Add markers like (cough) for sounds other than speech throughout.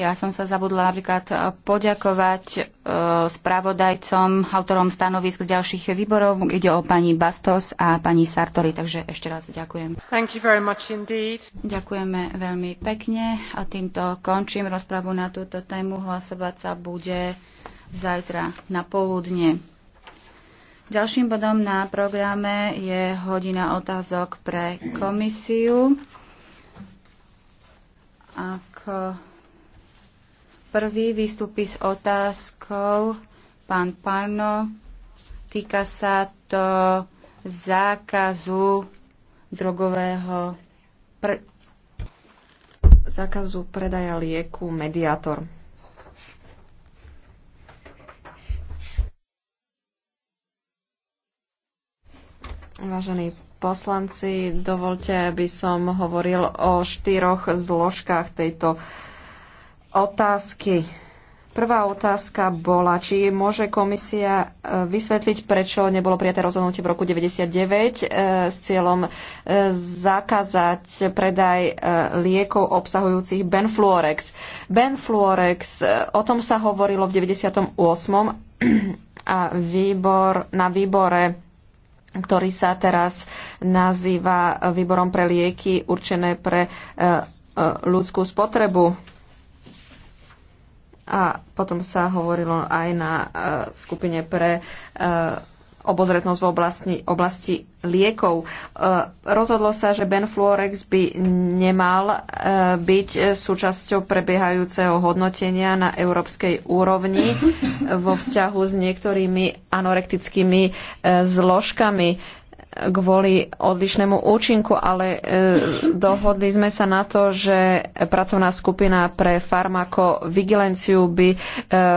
Ja som sa zabudla napríklad e, poďakovať e, spravodajcom, autorom stanovisk z ďalších výborov. Ide o pani Bastos a pani Sartori, takže ešte raz ďakujem. Thank you very much indeed. Ďakujeme veľmi pekne a týmto končím rozpravu na túto tému. Hlasovať sa bude zajtra na poludne. Ďalším bodom na programe je hodina otázok pre komisiu. Ako Prvý výstupí s otázkou pán Parno. Týka sa to zákazu drogového pre... zákazu predaja lieku mediátor. Vážení poslanci, dovolte, aby som hovoril o štyroch zložkách tejto otázky. Prvá otázka bola, či môže komisia e, vysvetliť, prečo nebolo prijaté rozhodnutie v roku 99 e, s cieľom e, zakázať predaj liekov obsahujúcich Benfluorex. Benfluorex, o tom sa hovorilo v 98. a výbor, na výbore ktorý sa teraz nazýva výborom pre lieky určené pre ľudskú spotrebu a potom sa hovorilo aj na e, skupine pre e, obozretnosť v oblasti, oblasti liekov. E, rozhodlo sa, že Benfluorex by nemal byť súčasťou prebiehajúceho hodnotenia na európskej úrovni (laughs) vo vzťahu s niektorými anorektickými zložkami kvôli odlišnému účinku, ale e, dohodli sme sa na to, že pracovná skupina pre farmakovigilenciu by e,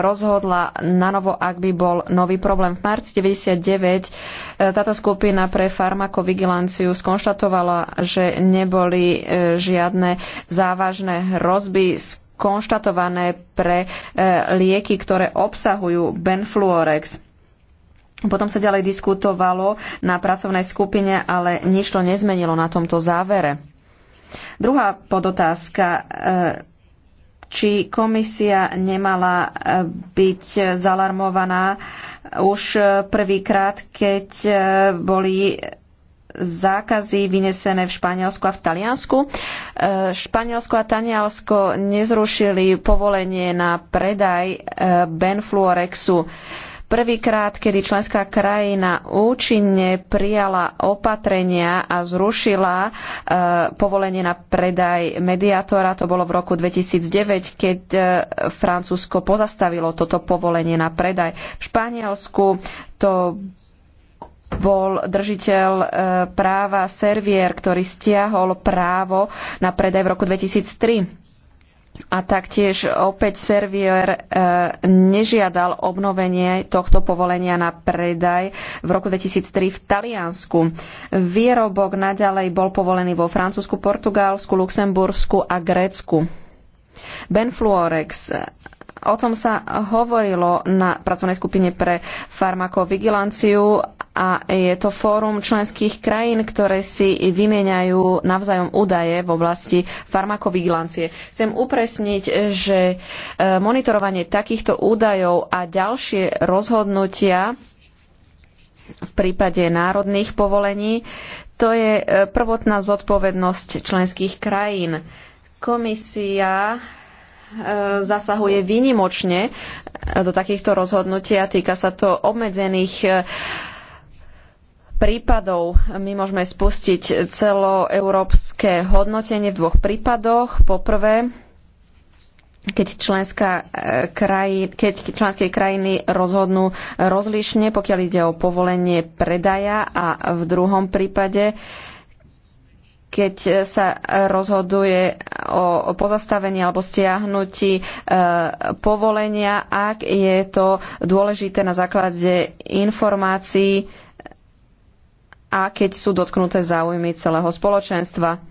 rozhodla na novo, ak by bol nový problém. V marci 99 e, táto skupina pre farmakovigilanciu skonštatovala, že neboli e, žiadne závažné hrozby konštatované pre e, lieky, ktoré obsahujú benfluorex potom sa ďalej diskutovalo na pracovnej skupine, ale nič to nezmenilo na tomto závere. Druhá podotázka. E, či komisia nemala e, byť zalarmovaná e, už prvýkrát, keď boli zákazy vynesené v Španielsku a v Taliansku. Španielsko a Taliansko nezrušili povolenie na predaj Benfluorexu Prvýkrát, kedy členská krajina účinne prijala opatrenia a zrušila e, povolenie na predaj mediátora, to bolo v roku 2009, keď e, Francúzsko pozastavilo toto povolenie na predaj. V Španielsku to bol držiteľ e, práva Servier, ktorý stiahol právo na predaj v roku 2003 a taktiež opäť servier e, nežiadal obnovenie tohto povolenia na predaj v roku 2003 v Taliansku. Výrobok naďalej bol povolený vo Francúzsku, Portugalsku, Luxembursku a Grécku. Benfluorex O tom sa hovorilo na pracovnej skupine pre farmakovigilanciu a je to fórum členských krajín, ktoré si vymieňajú navzájom údaje v oblasti farmakovigilancie. Chcem upresniť, že e, monitorovanie takýchto údajov a ďalšie rozhodnutia v prípade národných povolení, to je e, prvotná zodpovednosť členských krajín. Komisia e, zasahuje výnimočne do takýchto rozhodnutí a týka sa to obmedzených prípadov. My môžeme spustiť celoeurópske hodnotenie v dvoch prípadoch. Poprvé, keď, členská, eh, keď členské krajiny rozhodnú rozlišne, pokiaľ ide o povolenie predaja a v druhom prípade, keď sa rozhoduje o pozastavení alebo stiahnutí eh, povolenia, ak je to dôležité na základe informácií, a keď sú dotknuté záujmy celého spoločenstva.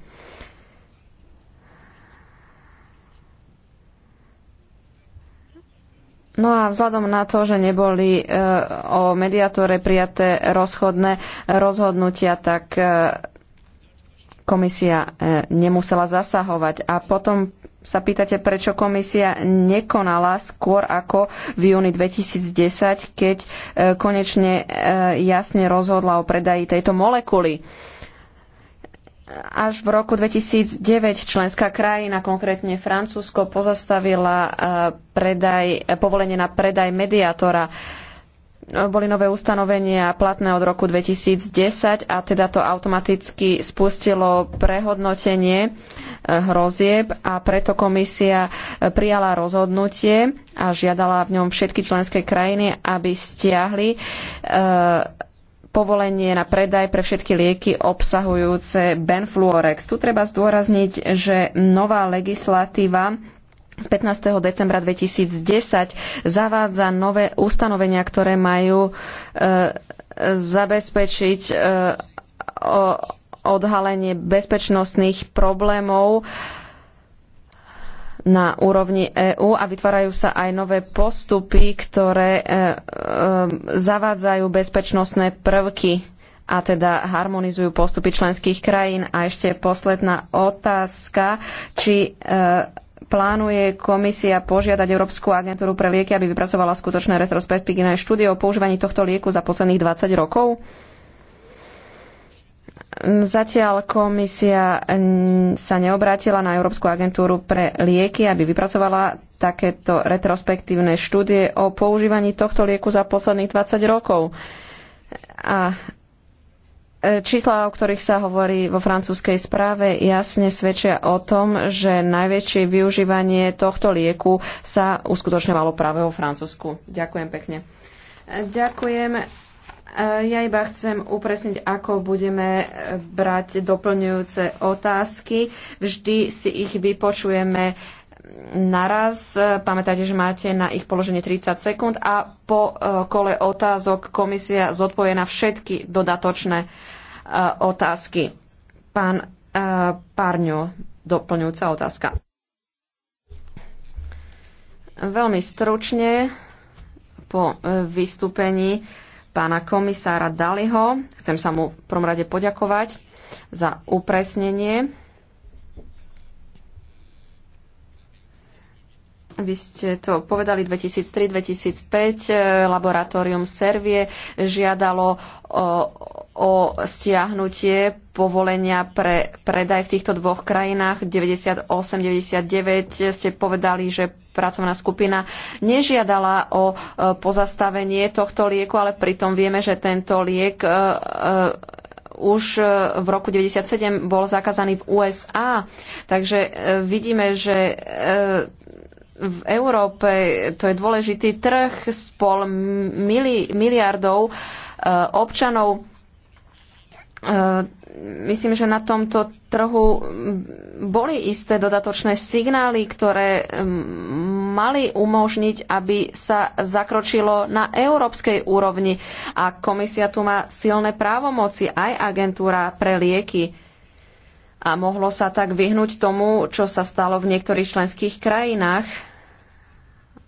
No a vzhľadom na to, že neboli e, o mediátore prijaté rozchodné rozhodnutia, tak e, komisia e, nemusela zasahovať. A potom sa pýtate, prečo komisia nekonala skôr ako v júni 2010, keď e, konečne e, jasne rozhodla o predaji tejto molekuly. Až v roku 2009 členská krajina, konkrétne Francúzsko, pozastavila e, predaj, povolenie na predaj mediátora boli nové ustanovenia platné od roku 2010 a teda to automaticky spustilo prehodnotenie hrozieb a preto komisia e, prijala rozhodnutie a žiadala v ňom všetky členské krajiny, aby stiahli e, povolenie na predaj pre všetky lieky obsahujúce Benfluorex. Tu treba zdôrazniť, že nová legislatíva z 15. decembra 2010 zavádza nové ustanovenia, ktoré majú e, zabezpečiť e, o, odhalenie bezpečnostných problémov na úrovni EÚ a vytvárajú sa aj nové postupy, ktoré e, e, zavádzajú bezpečnostné prvky a teda harmonizujú postupy členských krajín. A ešte posledná otázka, či e, plánuje komisia požiadať Európsku agentúru pre lieky, aby vypracovala skutočné retrospektívne štúdie o používaní tohto lieku za posledných 20 rokov? Zatiaľ komisia sa neobrátila na Európsku agentúru pre lieky, aby vypracovala takéto retrospektívne štúdie o používaní tohto lieku za posledných 20 rokov. A e, čísla, o ktorých sa hovorí vo francúzskej správe, jasne svedčia o tom, že najväčšie využívanie tohto lieku sa uskutočňovalo práve vo Francúzsku. Ďakujem pekne. E, ďakujem. Eh, ja iba chcem upresniť, ako budeme eh, brať doplňujúce otázky. Vždy si ich vypočujeme naraz. Pamätajte, že máte na ich položenie 30 sekúnd a po eh, kole otázok komisia zodpovie na všetky dodatočné otázky. Pán Párňo, doplňujúca otázka. Veľmi stručne po vystúpení pána komisára Daliho. Chcem sa mu v prvom rade poďakovať za upresnenie Vy ste to povedali 2003-2005, eh, laboratórium Servie žiadalo o, o stiahnutie povolenia pre predaj v týchto dvoch krajinách 98-99. Ste povedali, že pracovná skupina nežiadala o eh, pozastavenie tohto lieku, ale pritom vieme, že tento liek eh, už v roku 97 bol zakázaný v USA. Takže vidíme, že v Európe to je dôležitý trh s pol mili, miliardov e, občanov. E, myslím, že na tomto trhu boli isté dodatočné signály, ktoré mali umožniť, aby sa zakročilo na európskej úrovni. A komisia tu má silné právomoci, aj agentúra pre lieky a mohlo sa tak vyhnúť tomu, čo sa stalo v niektorých členských krajinách.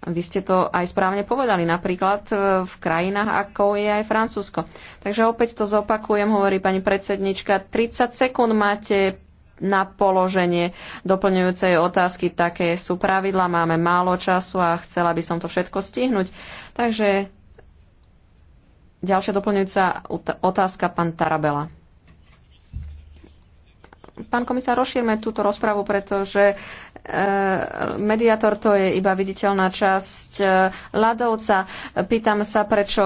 Vy ste to aj správne povedali, napríklad e, v krajinách, ako je aj Francúzsko. Takže opäť to zopakujem, hovorí pani predsednička. 30 sekúnd máte na položenie doplňujúcej otázky. Také sú pravidla, máme málo času a chcela by som to všetko stihnúť. Takže ďalšia doplňujúca otázka, pán Tarabela. Pán komisár, rozšírme túto rozpravu, pretože e, mediátor to je iba viditeľná časť e, ľadovca. Pýtam sa, prečo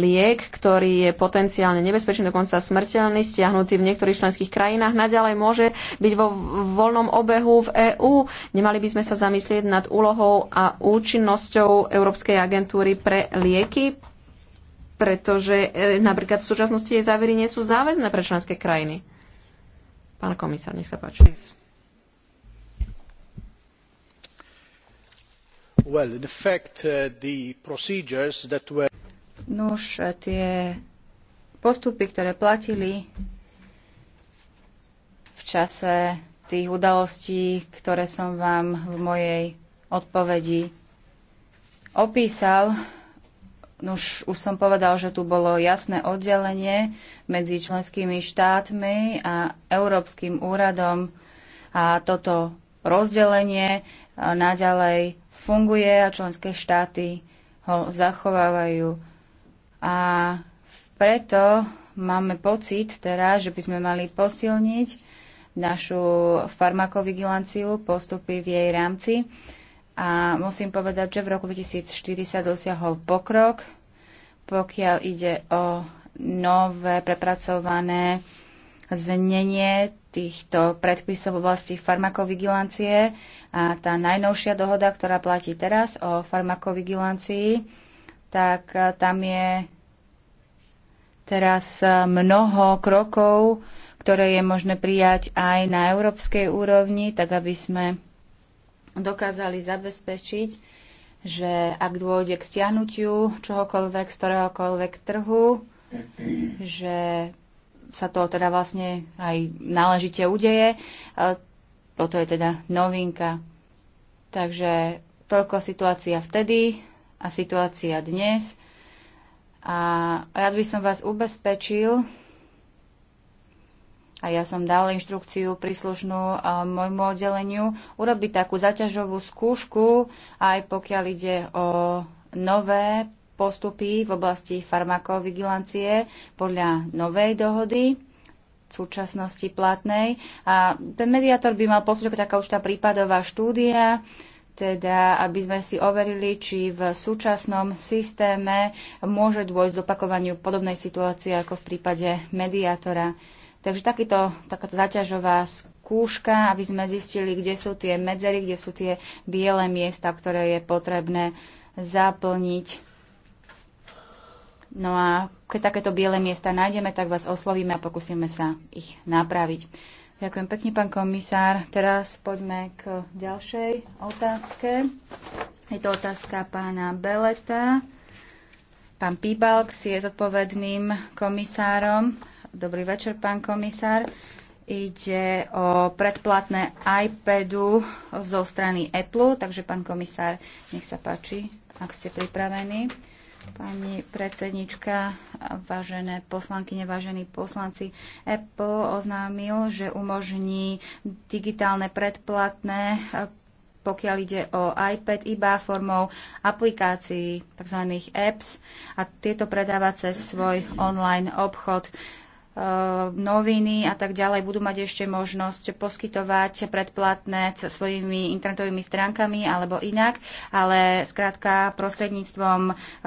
liek, ktorý je potenciálne nebezpečný, dokonca smrteľný, stiahnutý v niektorých členských krajinách, naďalej môže byť vo voľnom obehu v EÚ. Nemali by sme sa zamyslieť nad úlohou a účinnosťou Európskej agentúry pre lieky, pretože e, napríklad v súčasnosti jej závery nie sú záväzné pre členské krajiny. Pán komisár, nech sa páči. Well, in fact, uh, the procedures that were... Nuž, uh, tie postupy, ktoré platili v čase tých udalostí, ktoré som vám v mojej odpovedi opísal, už, už som povedal, že tu bolo jasné oddelenie medzi členskými štátmi a Európskym úradom a toto rozdelenie naďalej funguje a členské štáty ho zachovávajú. A preto máme pocit teraz, že by sme mali posilniť našu farmakovigilanciu, postupy v jej rámci a musím povedať, že v roku 2004 sa dosiahol pokrok, pokiaľ ide o nové prepracované znenie týchto predpisov v oblasti farmakovigilancie a tá najnovšia dohoda, ktorá platí teraz o farmakovigilancii, tak e, tam je teraz e, mnoho krokov, ktoré je možné prijať aj na európskej úrovni, tak aby sme dokázali zabezpečiť, že ak dôjde k stiahnutiu čohokoľvek z ktoréhokoľvek trhu, že sa to teda vlastne aj náležite udeje. Toto je teda novinka. Takže toľko situácia vtedy a situácia dnes. A rád by som vás ubezpečil, a ja som dal inštrukciu príslušnú eh, môjmu oddeleniu urobiť takú zaťažovú skúšku, aj pokiaľ ide o nové postupy v oblasti farmakovigilancie podľa novej dohody v súčasnosti platnej. A ten mediátor by mal posúť taká už tá prípadová štúdia, teda aby sme si overili, či v súčasnom systéme môže dôjsť zopakovaniu podobnej situácie ako v prípade mediátora. Takže takýto, takáto zaťažová skúška, aby sme zistili, kde sú tie medzery, kde sú tie biele miesta, ktoré je potrebné zaplniť. No a keď takéto biele miesta nájdeme, tak vás oslovíme a pokúsime sa ich napraviť. Ďakujem pekne, pán komisár. Teraz poďme k ďalšej otázke. Je to otázka pána Beleta. Pán si je zodpovedným komisárom Dobrý večer, pán komisár. Ide o predplatné iPadu zo strany Apple, takže pán komisár, nech sa páči, ak ste pripravení. Pani predsednička, vážené poslankyne, vážení poslanci, Apple oznámil, že umožní digitálne predplatné pokiaľ ide o iPad iba formou aplikácií, tzv. apps a tieto predáva cez svoj online obchod. Eh, noviny a tak ďalej budú mať ešte možnosť poskytovať predplatné svojimi internetovými stránkami alebo inak, ale skrátka prostredníctvom eh,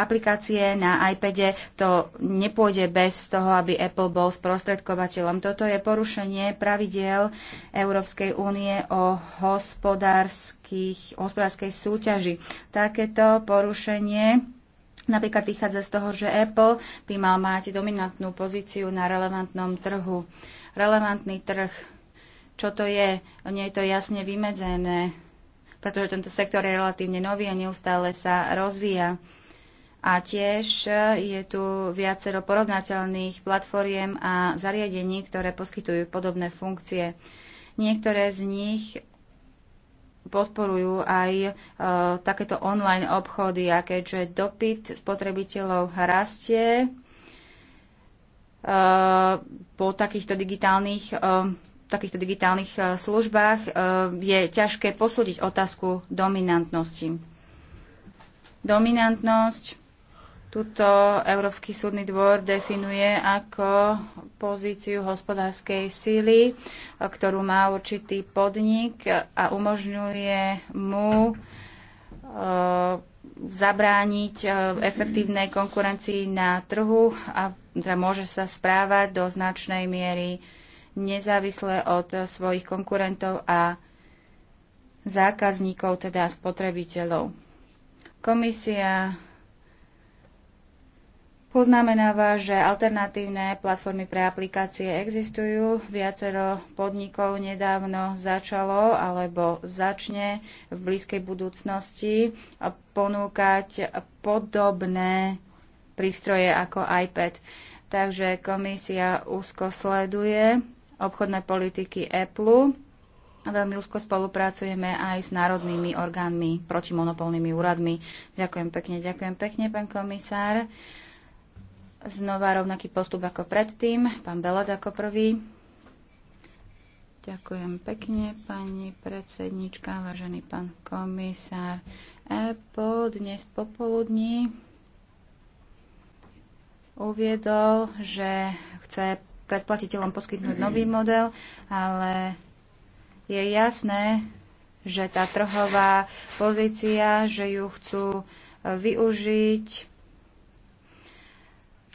aplikácie na iPade to nepôjde bez toho, aby Apple bol sprostredkovateľom. Toto je porušenie pravidiel Európskej únie o hospodárskej súťaži. Takéto porušenie Napríklad vychádza z toho, že Apple by mal mať dominantnú pozíciu na relevantnom trhu. Relevantný trh, čo to je? Nie je to jasne vymedzené, pretože tento sektor je relatívne nový a neustále sa rozvíja. A tiež e, je tu viacero porovnateľných platformiem a zariadení, ktoré poskytujú podobné funkcie. Niektoré z nich podporujú aj e, takéto online obchody a keďže dopyt spotrebiteľov rastie e, po takýchto digitálnych, e, takýchto digitálnych e, službách, e, je ťažké posúdiť otázku dominantnosti. Dominantnosť Tuto Európsky súdny dvor definuje ako pozíciu hospodárskej síly, ktorú má určitý podnik a umožňuje mu e, zabrániť e, efektívnej konkurencii na trhu a teda môže sa správať do značnej miery nezávisle od svojich konkurentov a zákazníkov, teda spotrebiteľov. Komisia Poznamenáva, že alternatívne platformy pre aplikácie existujú. Viacero podnikov nedávno začalo alebo začne v blízkej budúcnosti ponúkať podobné prístroje ako iPad. Takže komisia úzko sleduje obchodné politiky Apple. Veľmi úzko spolupracujeme aj s národnými orgánmi, protimonopolnými úradmi. Ďakujem pekne, ďakujem pekne, pán komisár. Znova rovnaký postup ako predtým. Pán Belad ako prvý. Ďakujem pekne, pani predsednička, vážený pán komisár. E, po dnes popoludní uviedol, že chce predplatiteľom poskytnúť nový model, ale je jasné, že tá trhová pozícia, že ju chcú využiť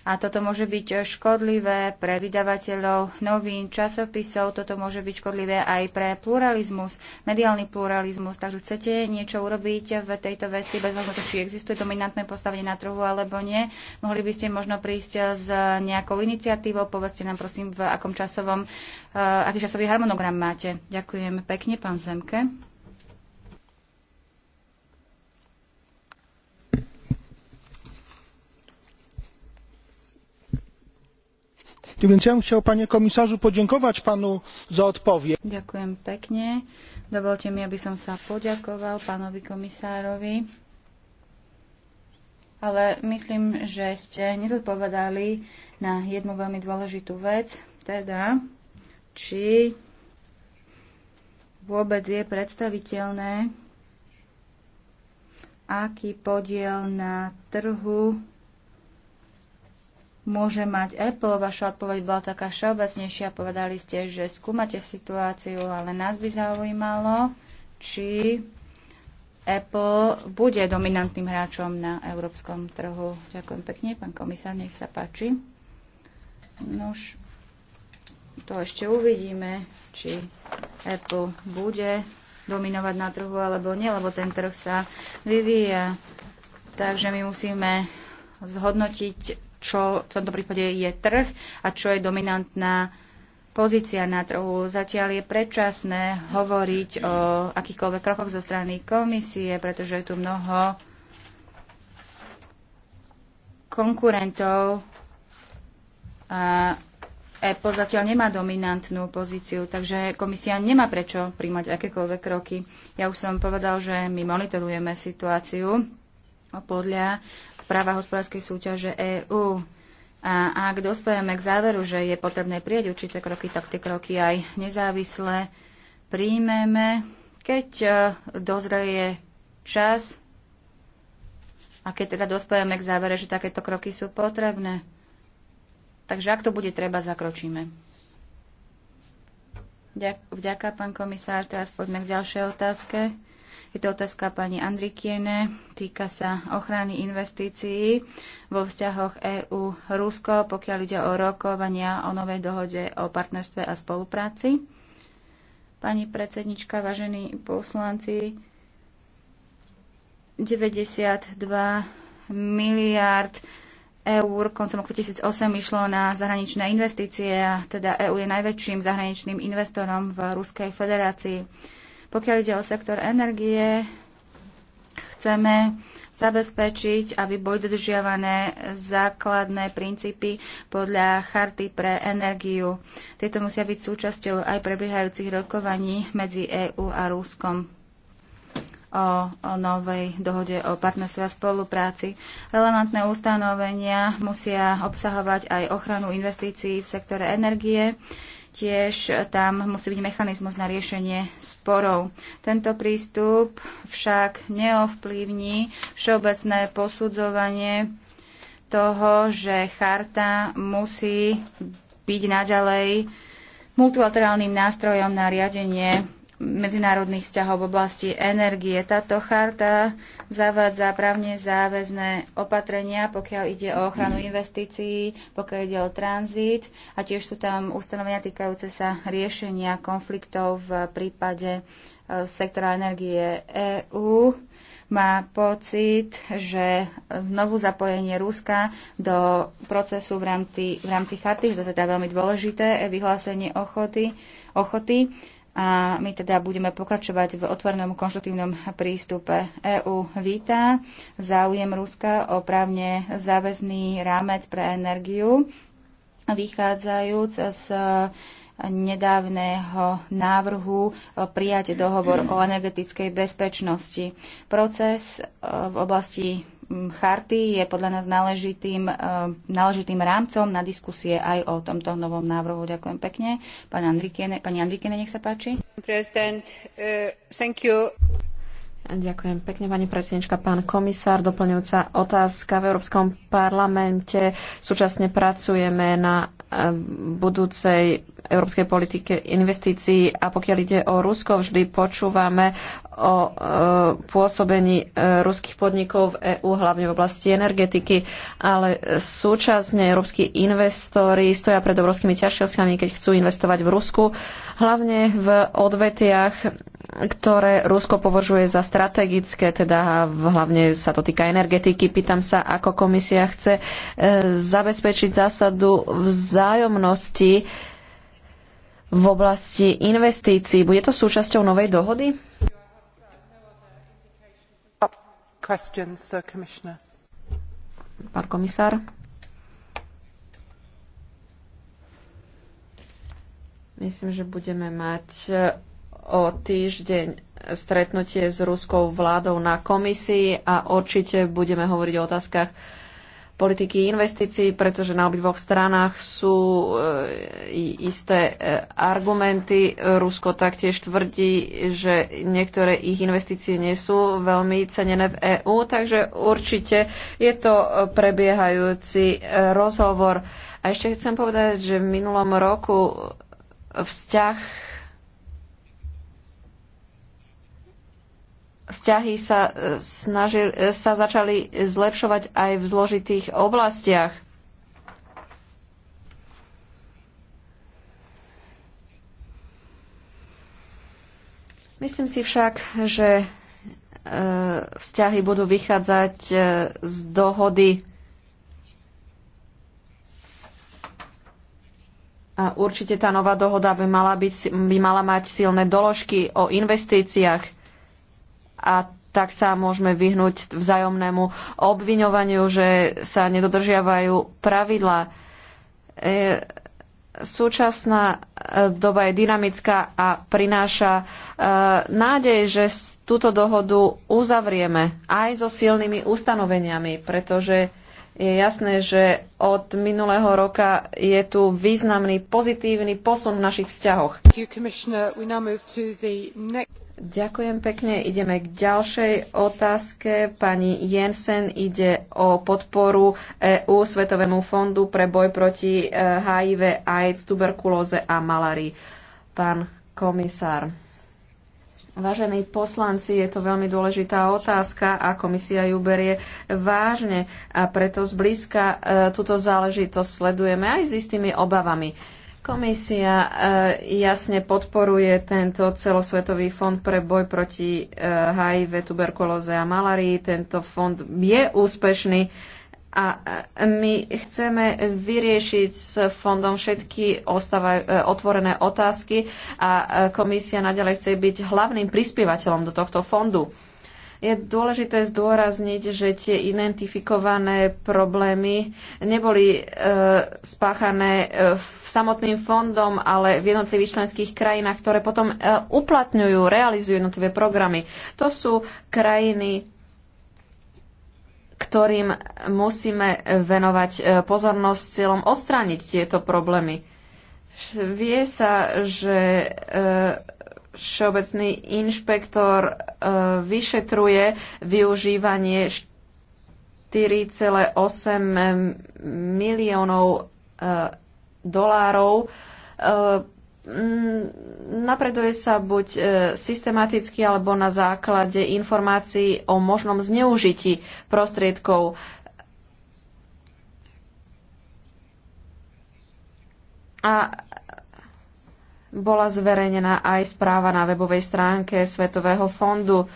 a toto môže byť škodlivé pre vydavateľov novín, časopisov, toto môže byť škodlivé aj pre pluralizmus, mediálny pluralizmus. Takže chcete niečo urobiť v tejto veci bez hľadu, či existuje dominantné postavenie na trhu alebo nie. Mohli by ste možno prísť s nejakou iniciatívou. Povedzte nám prosím, v akom časovom, eh, aký časový harmonogram máte. Ďakujem pekne, pán Zemke. Więc chciał, panie komisarzu, podziękować panu za odpowiedź. Ďakujem pekne. Dovolte mi, aby som sa poďakoval pánovi komisárovi. Ale myslím, že ste nezodpovedali na jednu veľmi dôležitú vec, teda či vôbec je predstaviteľné, aký podiel na trhu môže mať Apple? Vaša odpoveď bola taká všeobecnejšia. Povedali ste, že skúmate situáciu, ale nás by zaujímalo, či Apple bude dominantným hráčom na európskom trhu. Ďakujem pekne, pán komisár, nech sa páči. Nož, to ešte uvidíme, či Apple bude dominovať na trhu alebo nie, lebo ten trh sa vyvíja. Takže my musíme zhodnotiť čo v tomto prípade je trh a čo je dominantná pozícia na trhu. Zatiaľ je predčasné hovoriť o akýchkoľvek krokoch zo strany komisie, pretože je tu mnoho konkurentov a EPO zatiaľ nemá dominantnú pozíciu, takže komisia nemá prečo príjmať akékoľvek kroky. Ja už som povedal, že my monitorujeme situáciu podľa práva hospodárskej súťaže EÚ. A ak dospejeme k záveru, že je potrebné prijať určité kroky, tak tie kroky aj nezávisle príjmeme, keď e, dozrie čas a keď teda dospejeme k závere, že takéto kroky sú potrebné. Takže ak to bude treba, zakročíme. Vďaka, pán komisár. Teraz poďme k ďalšej otázke. Je to otázka pani Andrikiene, týka sa ochrany investícií vo vzťahoch EU-Rusko, pokiaľ ide o rokovania o novej dohode o partnerstve a spolupráci. Pani predsednička, vážení poslanci, 92 miliard eur koncom roku 2008 išlo na zahraničné investície a teda EU je najväčším zahraničným investorom v Ruskej federácii. Pokiaľ ide o sektor energie, chceme zabezpečiť, aby boli dodržiavané základné princípy podľa charty pre energiu. Tieto musia byť súčasťou aj prebiehajúcich rokovaní medzi EÚ a Ruskom o, o novej dohode o partnerstve a spolupráci. Relevantné ustanovenia musia obsahovať aj ochranu investícií v sektore energie, Tiež tam musí byť mechanizmus na riešenie sporov. Tento prístup však neovplyvní všeobecné posudzovanie toho, že charta musí byť naďalej multilaterálnym nástrojom na riadenie medzinárodných vzťahov v oblasti energie. Táto charta zavádza právne záväzné opatrenia, pokiaľ ide o ochranu mm. investícií, pokiaľ ide o tranzit a tiež sú tam ustanovenia týkajúce sa riešenia konfliktov v prípade e, sektora energie EÚ má pocit, že znovu zapojenie Ruska do procesu v rámci, v rámci charty, že to teda veľmi dôležité, e, vyhlásenie ochoty, ochoty a my teda budeme pokračovať v otvorenom konštruktívnom prístupe. EÚ víta záujem Ruska o právne záväzný rámec pre energiu, vychádzajúc z nedávneho návrhu prijať dohovor o energetickej bezpečnosti. Proces e, v oblasti charty je podľa nás náležitým, e, náležitým rámcom na diskusie aj o tomto novom návrhu. Ďakujem pekne. Pani Andrikene, pani Andrikene nech sa páči. uh, thank you. Ďakujem pekne, pani predsednička, pán komisár. Doplňujúca otázka. V Európskom parlamente súčasne pracujeme na e, budúcej európskej politike investícií. A pokiaľ ide o Rusko, vždy počúvame o e, pôsobení e, ruských podnikov v EÚ, hlavne v oblasti energetiky, ale súčasne európsky investori stoja pred obrovskými ťažkosťami, keď chcú investovať v Rusku, hlavne v odvetiach ktoré Rusko považuje za strategické, teda hlavne sa to týka energetiky. Pýtam sa, ako komisia chce e, zabezpečiť zásadu vzájomnosti v oblasti investícií. Bude to súčasťou novej dohody? Pán komisár. Myslím, že budeme mať e, o týždeň stretnutie s ruskou vládou na komisii a určite budeme hovoriť o otázkach politiky investícií, pretože na obidvoch stranách sú e, isté e, argumenty. Rusko taktiež tvrdí, že niektoré ich investície nie sú veľmi cenené v EÚ, takže určite je to prebiehajúci e, rozhovor. A ešte chcem povedať, že v minulom roku vzťah vzťahy sa, e, snažil, e, sa začali zlepšovať aj v zložitých oblastiach. Myslím si však, že e, vzťahy budú vychádzať z dohody a určite tá nová dohoda by mala, byť, by mala mať silné doložky o investíciách a tak sa môžeme vyhnúť vzájomnému obviňovaniu, že sa nedodržiavajú pravidlá. E, súčasná e, doba je dynamická a prináša e, nádej, že túto dohodu uzavrieme aj so silnými ustanoveniami, pretože je jasné, že od minulého roka je tu významný pozitívny posun v našich vzťahoch. Ďakujem pekne. Ideme k ďalšej otázke. Pani Jensen ide o podporu EU Svetovému fondu pre boj proti e, HIV, AIDS, tuberkulóze a malárii. Pán komisár. Vážení poslanci, je to veľmi dôležitá otázka a komisia ju berie vážne a preto zblízka e, túto záležitosť sledujeme aj s istými obavami. Komisia e, jasne podporuje tento celosvetový fond pre boj proti e, HIV, tuberkulóze a malárii. Tento fond je úspešný a e, my chceme vyriešiť s fondom všetky ostávaj, otvorené otázky a komisia naďalej chce byť hlavným prispievateľom do tohto fondu. Je dôležité zdôrazniť, že tie identifikované problémy neboli e, spáchané e, samotným fondom, ale v jednotlivých členských krajinách, ktoré potom e, uplatňujú, realizujú jednotlivé programy. To sú krajiny ktorým musíme venovať e, pozornosť cieľom odstrániť tieto problémy. Vie sa, že e, všeobecný inšpektor e, vyšetruje využívanie 4,8 miliónov e, dolárov. E, napreduje sa buď systematicky alebo na základe informácií o možnom zneužití prostriedkov. A bola zverejnená aj správa na webovej stránke Svetového fondu.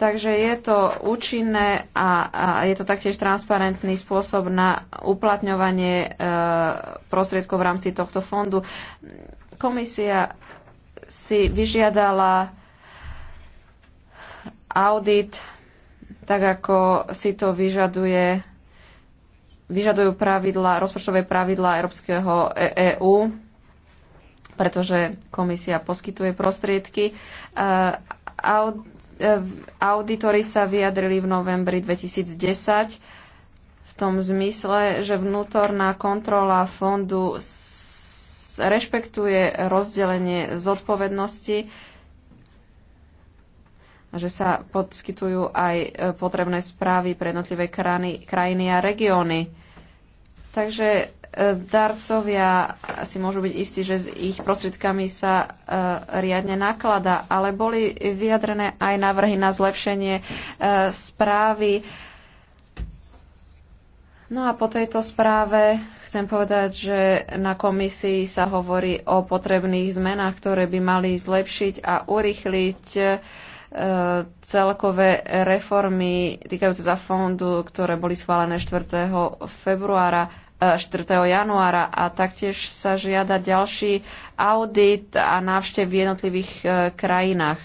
Takže je to účinné a, a je to taktiež transparentný spôsob na uplatňovanie e, prostriedkov v rámci tohto fondu. Komisia si vyžiadala audit, tak ako si to vyžaduje, vyžadujú pravidla, rozpočtové pravidla Európskeho EÚ. E, e pretože komisia poskytuje prostriedky. E, e, auditory sa vyjadrili v novembri 2010 v tom zmysle, že vnútorná kontrola fondu rešpektuje rozdelenie zodpovednosti že sa poskytujú aj e, potrebné správy pre jednotlivé krajiny a regióny. Takže darcovia si môžu byť istí, že s ich prostriedkami sa e, riadne naklada, ale boli vyjadrené aj návrhy na zlepšenie e, správy. No a po tejto správe chcem povedať, že na komisii sa hovorí o potrebných zmenách, ktoré by mali zlepšiť a urychliť e, celkové reformy týkajúce sa fondu, ktoré boli schválené 4. februára 4. Eh, januára a taktiež sa žiada ďalší audit a návštev v jednotlivých eh, krajinách.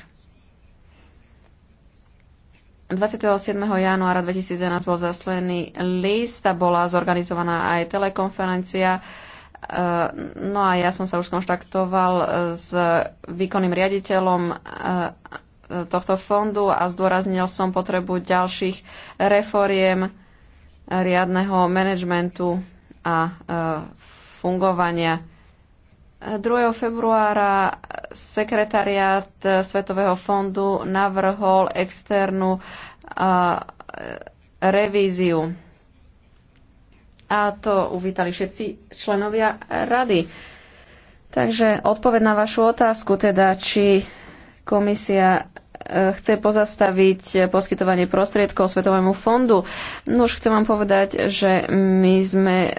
27. januára 2011 bol zaslený list a bola zorganizovaná aj telekonferencia. Eh, no a ja som sa už skonštaktoval s výkonným riaditeľom tohto fondu a zdôraznil som potrebu ďalších reforiem riadneho manažmentu a e, fungovania. 2. februára sekretariát Svetového fondu navrhol externú revíziu. A to uvítali všetci členovia rady. Takže odpoved na vašu otázku, teda či komisia chce pozastaviť poskytovanie prostriedkov Svetovému fondu. No už chcem vám povedať, že my sme e,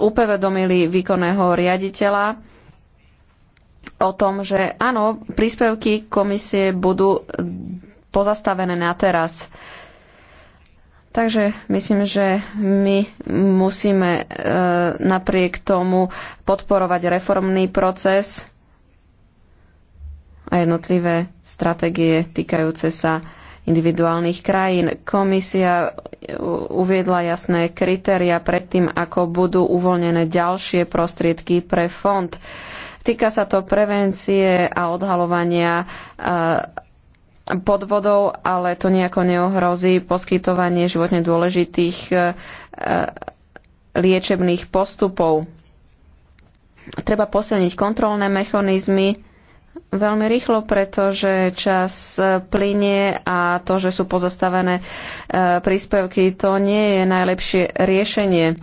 upevedomili výkonného riaditeľa o tom, že áno, príspevky komisie budú pozastavené na teraz. Takže myslím, že my musíme e, napriek tomu podporovať reformný proces a jednotlivé stratégie týkajúce sa individuálnych krajín. Komisia uviedla jasné kritéria pred tým, ako budú uvoľnené ďalšie prostriedky pre fond. Týka sa to prevencie a odhalovania podvodov, ale to nejako neohrozí poskytovanie životne dôležitých liečebných postupov. Treba posilniť kontrolné mechanizmy, veľmi rýchlo, pretože čas plinie a to, že sú pozastavené e, príspevky, to nie je najlepšie riešenie.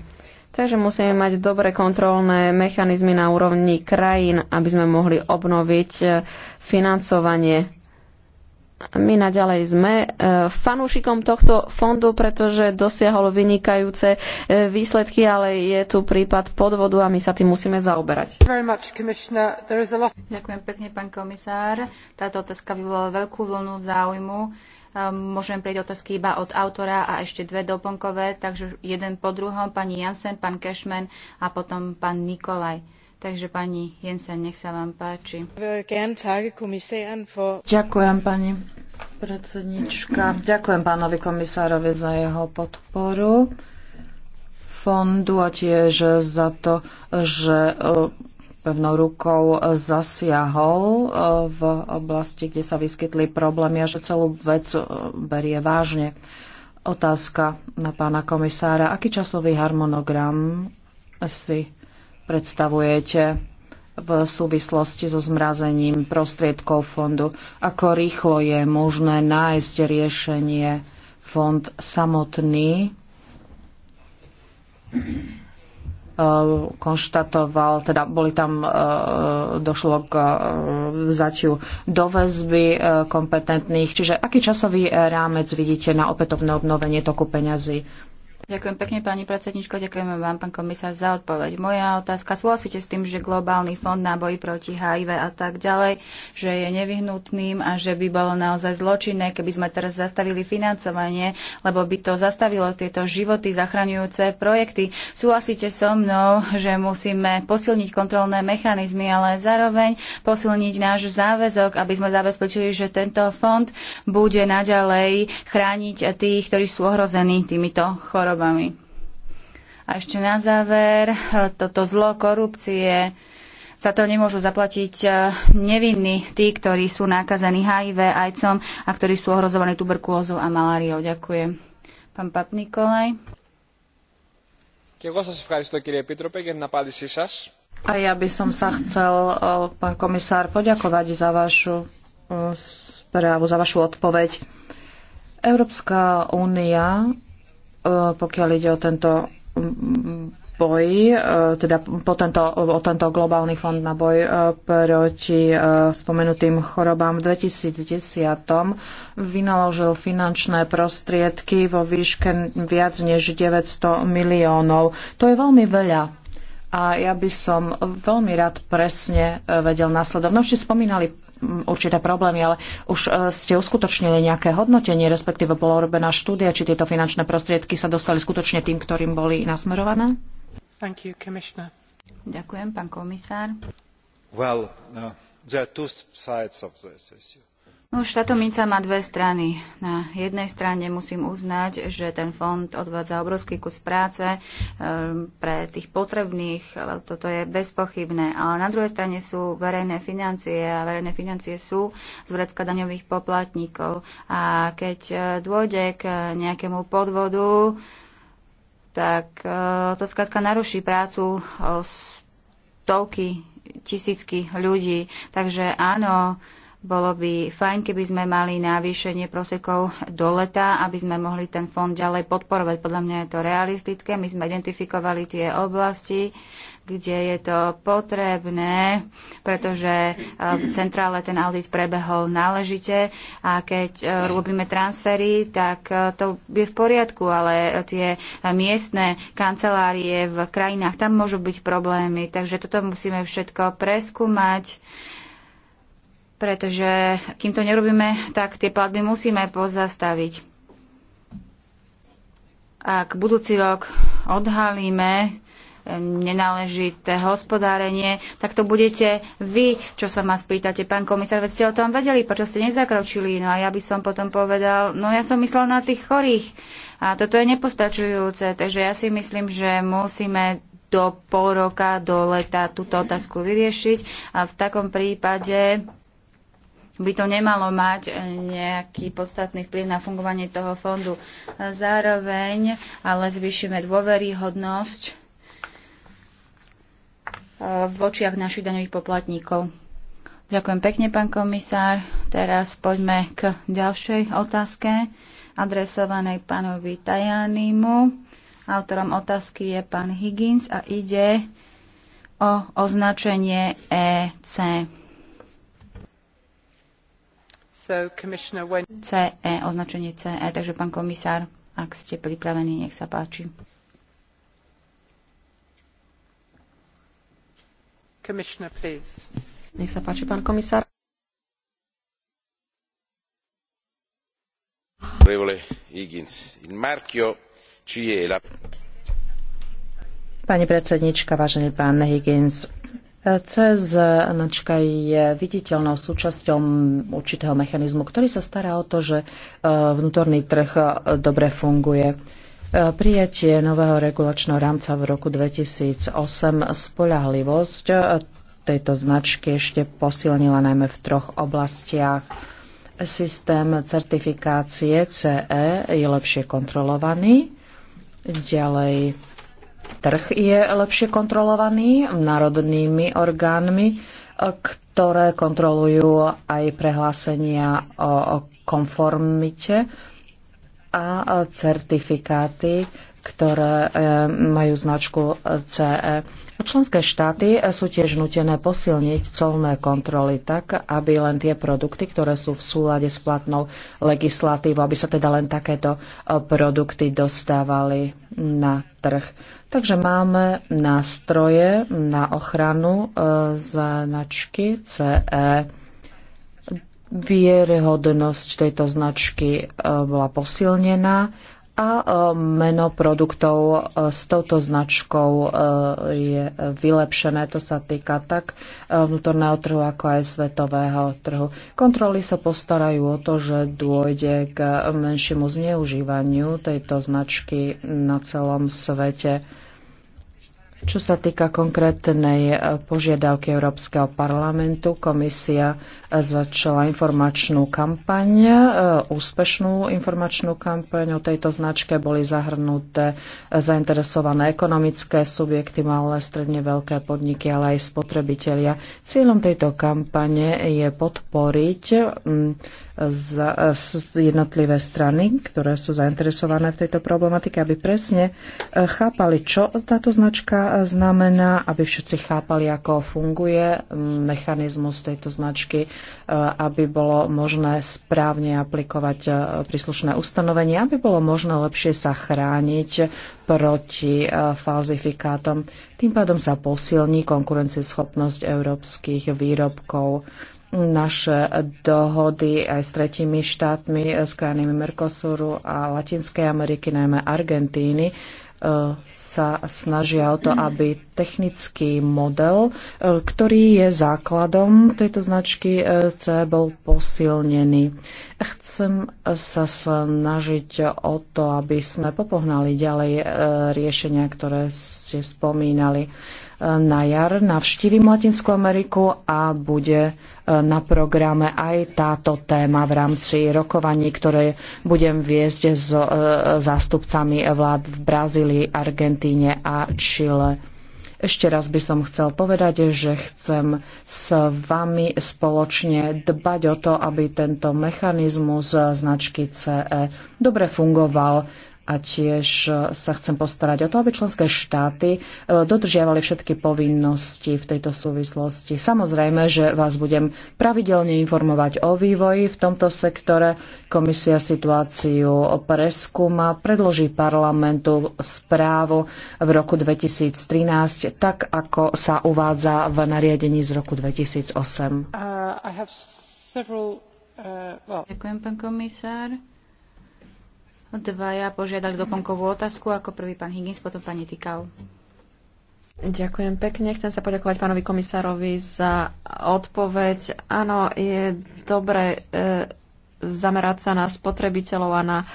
Takže musíme mať dobre kontrolné mechanizmy na úrovni krajín, aby sme mohli obnoviť e, financovanie my naďalej sme e, fanúšikom tohto fondu, pretože dosiahol vynikajúce e, výsledky, ale je tu prípad podvodu a my sa tým musíme zaoberať. Ďakujem pekne, pán komisár. Táto otázka vyvolala veľkú vlnu záujmu. E, môžem prejsť otázky iba od autora a ešte dve doplnkové, takže jeden po druhom, pani Jansen, pán Kešmen a potom pán Nikolaj. Takže pani Jensen, nech sa vám páči. Ďakujem pani predsednička. Ďakujem pánovi komisárovi za jeho podporu fondu a tiež za to, že e, pevnou rukou zasiahol e, v oblasti, kde sa vyskytli problémy a že celú vec e, berie vážne. Otázka na pána komisára. Aký časový harmonogram si predstavujete v súvislosti so zmrazením prostriedkov fondu? Ako rýchlo je možné nájsť riešenie fond samotný? Eh, konštatoval, teda boli tam, eh, došlo k eh, vzatiu do väzby kompetentných. Čiže aký časový rámec vidíte na opätovné obnovenie toku peňazí? Ďakujem pekne, pani predsedničko, ďakujeme vám, pán komisár, za odpoveď. Moja otázka, súhlasíte s tým, že globálny fond na boji proti HIV a tak ďalej, že je nevyhnutným a že by bolo naozaj zločinné, keby sme teraz zastavili financovanie, lebo by to zastavilo tieto životy zachraňujúce projekty. Súhlasíte so mnou, že musíme posilniť kontrolné mechanizmy, ale zároveň posilniť náš záväzok, aby sme zabezpečili, že tento fond bude naďalej chrániť tých, ktorí sú ohrození týmito chorobami chorobami. A ešte na záver, toto zlo korupcie, sa to nemôžu zaplatiť eh, nevinní, tí, ktorí sú nákazení HIV, ajcom a ktorí sú ohrozovaní tuberkulózou a maláriou. Ďakujem. Pán Pap Nikolaj. A ja by som sa chcel, pán komisár, poďakovať za vašu správu, za vašu odpoveď. Európska únia pokiaľ ide o tento mm, boj, e, teda po tento, o tento globálny fond na boj e, proti e, spomenutým chorobám v 2010 vynaložil finančné prostriedky vo výške viac než 900 miliónov. To je veľmi veľa. A ja by som veľmi rád presne vedel následovno. Všetci spomínali určité problémy, ale už e, ste uskutočnili nejaké hodnotenie, respektíve bola urobená štúdia, či tieto finančné prostriedky sa dostali skutočne tým, ktorým boli nasmerované? Thank you, Ďakujem, pán komisár. Well, uh, there are two sides of this issue. No už táto minca má dve strany. Na jednej strane musím uznať, že ten fond odvádza obrovský kus práce eh, pre tých potrebných, toto je bezpochybné. Ale na druhej strane sú verejné financie a verejné financie sú z vrecka daňových poplatníkov. A keď eh, dôjde k eh, nejakému podvodu, tak to skladka naruší prácu stovky, tisícky ľudí. Takže áno, bolo by fajn, keby sme mali navýšenie prosekov do leta, aby sme mohli ten fond ďalej podporovať. Podľa mňa je to realistické. My sme identifikovali tie oblasti, kde je to potrebné, pretože eh, v centrále ten audit prebehol náležite a keď eh, robíme transfery, tak eh, to je v poriadku, ale tie miestne kancelárie v krajinách, tam môžu byť problémy, takže toto musíme všetko preskúmať pretože kým to nerobíme, tak tie platby musíme pozastaviť. Ak budúci rok odhalíme eh, nenáležité hospodárenie, tak to budete vy, čo sa ma spýtate. Pán komisár, veď ste o tom vedeli, prečo ste nezakročili. No a ja by som potom povedal, no ja som myslel na tých chorých. A toto je nepostačujúce, takže ja si myslím, že musíme do pol roka, do leta túto otázku vyriešiť. A v takom prípade by to nemalo mať eh, nejaký podstatný vplyv na fungovanie toho fondu. Zároveň ale zvýšime dôveryhodnosť eh, v očiach našich daňových poplatníkov. Ďakujem pekne, pán komisár. Teraz poďme k ďalšej otázke, adresovanej pánovi Tajanimu. Autorom otázky je pán Higgins a ide o označenie EC. CE, označenie CE. Takže, pán komisár, ak ste pripravení, nech sa páči. Nech sa páči, pán komisár. Pani predsednička, vážený pán Higgins, CZNčka je viditeľnou súčasťou určitého mechanizmu, ktorý sa stará o to, že vnútorný trh dobre funguje. Prijatie nového regulačného rámca v roku 2008 spolahlivosť tejto značky ešte posilnila najmä v troch oblastiach. Systém certifikácie CE je lepšie kontrolovaný. Ďalej Trh je lepšie kontrolovaný národnými orgánmi, ktoré kontrolujú aj prehlásenia o konformite a certifikáty, ktoré e, majú značku CE. Členské štáty sú tiež nutené posilniť colné kontroly tak, aby len tie produkty, ktoré sú v súlade s platnou legislatívou, aby sa teda len takéto e, produkty dostávali na trh. Takže máme nástroje na ochranu e, značky CE. Vierhodnosť tejto značky e, bola posilnená a e, meno produktov e, s touto značkou e, je vylepšené. To sa týka tak vnútorného trhu, ako aj svetového trhu. Kontroly sa postarajú o to, že dôjde k menšiemu zneužívaniu tejto značky na celom svete. Čo sa týka konkrétnej požiadavky Európskeho parlamentu, komisia začala informačnú kampaň, e, úspešnú informačnú kampaň. O tejto značke boli zahrnuté e, zainteresované ekonomické subjekty, malé, stredne veľké podniky, ale aj spotrebitelia. Cieľom tejto kampane je podporiť jednotlivé strany, ktoré sú zainteresované v tejto problematike, aby presne e, chápali, čo táto značka znamená, aby všetci chápali, ako funguje mechanizmus tejto značky, Eh, aby bolo možné správne aplikovať eh, príslušné ustanovenie, aby bolo možné lepšie sa chrániť proti eh, falzifikátom. Tým pádom sa posilní konkurencieschopnosť európskych výrobkov naše dohody aj s tretimi štátmi, s krajinami Mercosuru a Latinskej Ameriky, najmä Argentíny, sa snažia o to, aby technický model, e, ktorý je základom tejto značky e, C, bol posilnený. Chcem sa snažiť o to, aby sme popohnali ďalej e, riešenia, ktoré ste spomínali na jar navštívim Latinskú Ameriku a bude e, na programe aj táto téma v rámci rokovaní, ktoré budem viesť s e, zástupcami vlád v Brazílii, Argentíne a Čile. Ešte raz by som chcel povedať, že chcem s vami spoločne dbať o to, aby tento mechanizmus značky CE dobre fungoval a tiež e, sa chcem postarať o to, aby členské štáty e, dodržiavali všetky povinnosti v tejto súvislosti. Samozrejme, že vás budem pravidelne informovať o vývoji v tomto sektore. Komisia situáciu preskúma, predloží parlamentu správu v roku 2013, tak ako sa uvádza v nariadení z roku 2008. Uh, several, uh, well... Ďakujem, pán komisár. Dvaja požiadali doplnkovú otázku, ako prvý pán Higgins, potom pani Tikau. Ďakujem pekne. Chcem sa poďakovať pánovi komisárovi za odpoveď. Áno, je dobré e, zamerať sa na spotrebiteľov a na e,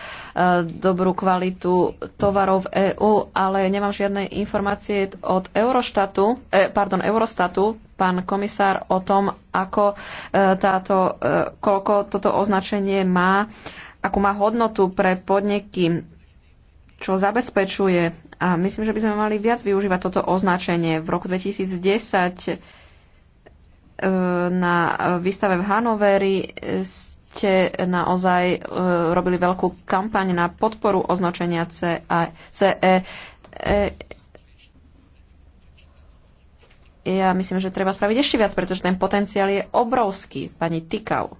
dobrú kvalitu tovarov v EÚ, ale nemám žiadne informácie od Eurostatu, e, pardon, Eurostatu, pán komisár, o tom, ako e, táto, e, koľko toto označenie má. E, akú má hodnotu pre podniky, čo zabezpečuje. A myslím, že by sme mali viac využívať toto označenie. V roku 2010 e, na výstave v Hanoveri ste naozaj e, robili veľkú kampaň na podporu označenia CE. E, ja myslím, že treba spraviť ešte viac, pretože ten potenciál je obrovský, pani Tikau.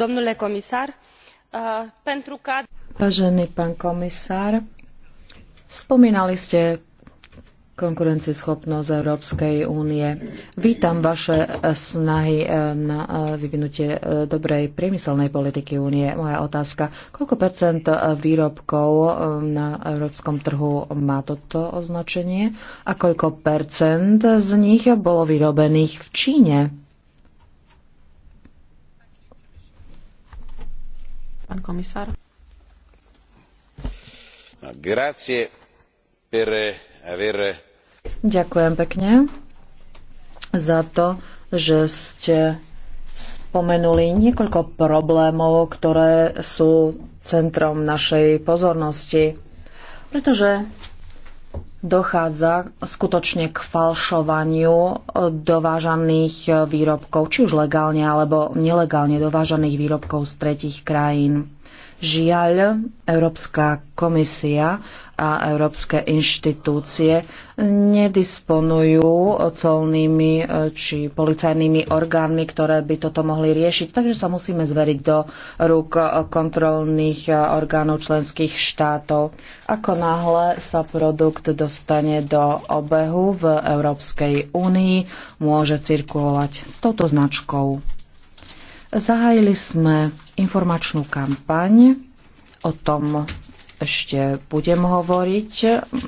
Uh, Vážený pán komisár, spomínali ste konkurencieschopnosť Európskej únie. Vítam vaše snahy eh, na eh, vyvinutie eh, dobrej priemyselnej politiky únie. Moja otázka, koľko percent výrobkov na európskom trhu má toto označenie a koľko percent z nich bolo vyrobených v Číne? pán komisár. Ďakujem pekne za to, že ste spomenuli niekoľko problémov, ktoré sú centrom našej pozornosti. Pretože dochádza skutočne k falšovaniu e, dovážaných e, výrobkov, či už legálne alebo nelegálne dovážaných výrobkov z tretich krajín. Žiaľ, Európska komisia a európske inštitúcie nedisponujú colnými e, či policajnými orgánmi, ktoré by toto mohli riešiť. Takže sa musíme zveriť do rúk kontrolných orgánov členských štátov. Ako náhle sa produkt dostane do obehu v Európskej únii, môže cirkulovať s touto značkou. Zahájili sme informačnú kampaň o tom, ešte budem hovoriť,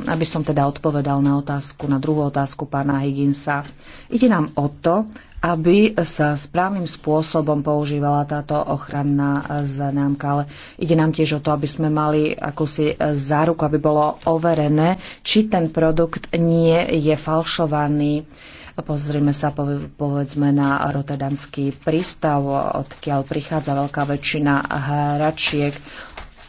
aby som teda odpovedal na otázku, na druhú otázku pána Higginsa. Ide nám o to, aby sa správnym spôsobom používala táto ochranná známka, ale ide nám tiež o to, aby sme mali akúsi záruku, aby bolo overené, či ten produkt nie je falšovaný. Pozrime sa povedzme na Rotterdamský prístav, odkiaľ prichádza veľká väčšina hračiek.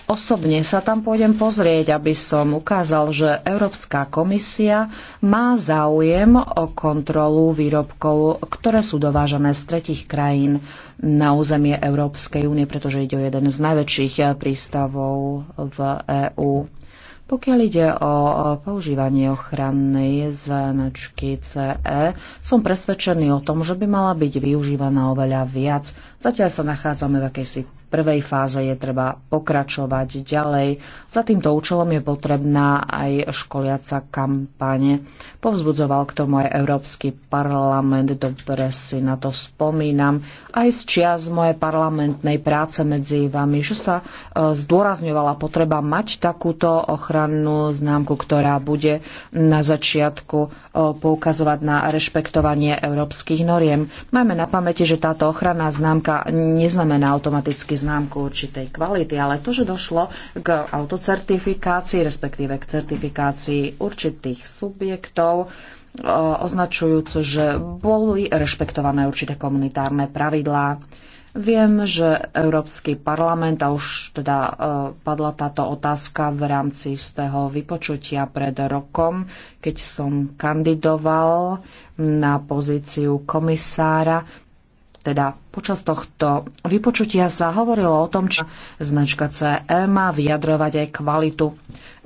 Osobne sa tam pôjdem pozrieť, aby som ukázal, že Európska komisia má záujem o kontrolu výrobkov, ktoré sú dovážané z tretich krajín na územie Európskej únie, pretože ide o jeden z najväčších prístavov v EÚ. Pokiaľ ide o používanie ochrannej značky CE, som presvedčený o tom, že by mala byť využívaná oveľa viac. Zatiaľ sa nachádzame v akejsi prvej fáze je treba pokračovať ďalej. Za týmto účelom je potrebná aj školiaca kampane Povzbudzoval k tomu aj Európsky parlament, dobre si na to spomínam aj z čias mojej parlamentnej práce medzi vami, že sa e, zdôrazňovala potreba mať takúto ochrannú známku, ktorá bude na začiatku e, poukazovať na rešpektovanie európskych noriem. Majme na pamäti, že táto ochranná známka neznamená automaticky známku určitej kvality, ale to, že došlo k autocertifikácii, respektíve k certifikácii určitých subjektov, označujúc, že boli rešpektované určité komunitárne pravidlá. Viem, že Európsky parlament, a už teda e, padla táto otázka v rámci z toho vypočutia pred rokom, keď som kandidoval na pozíciu komisára, teda počas tohto vypočutia sa hovorilo o tom, či značka CE má vyjadrovať aj kvalitu.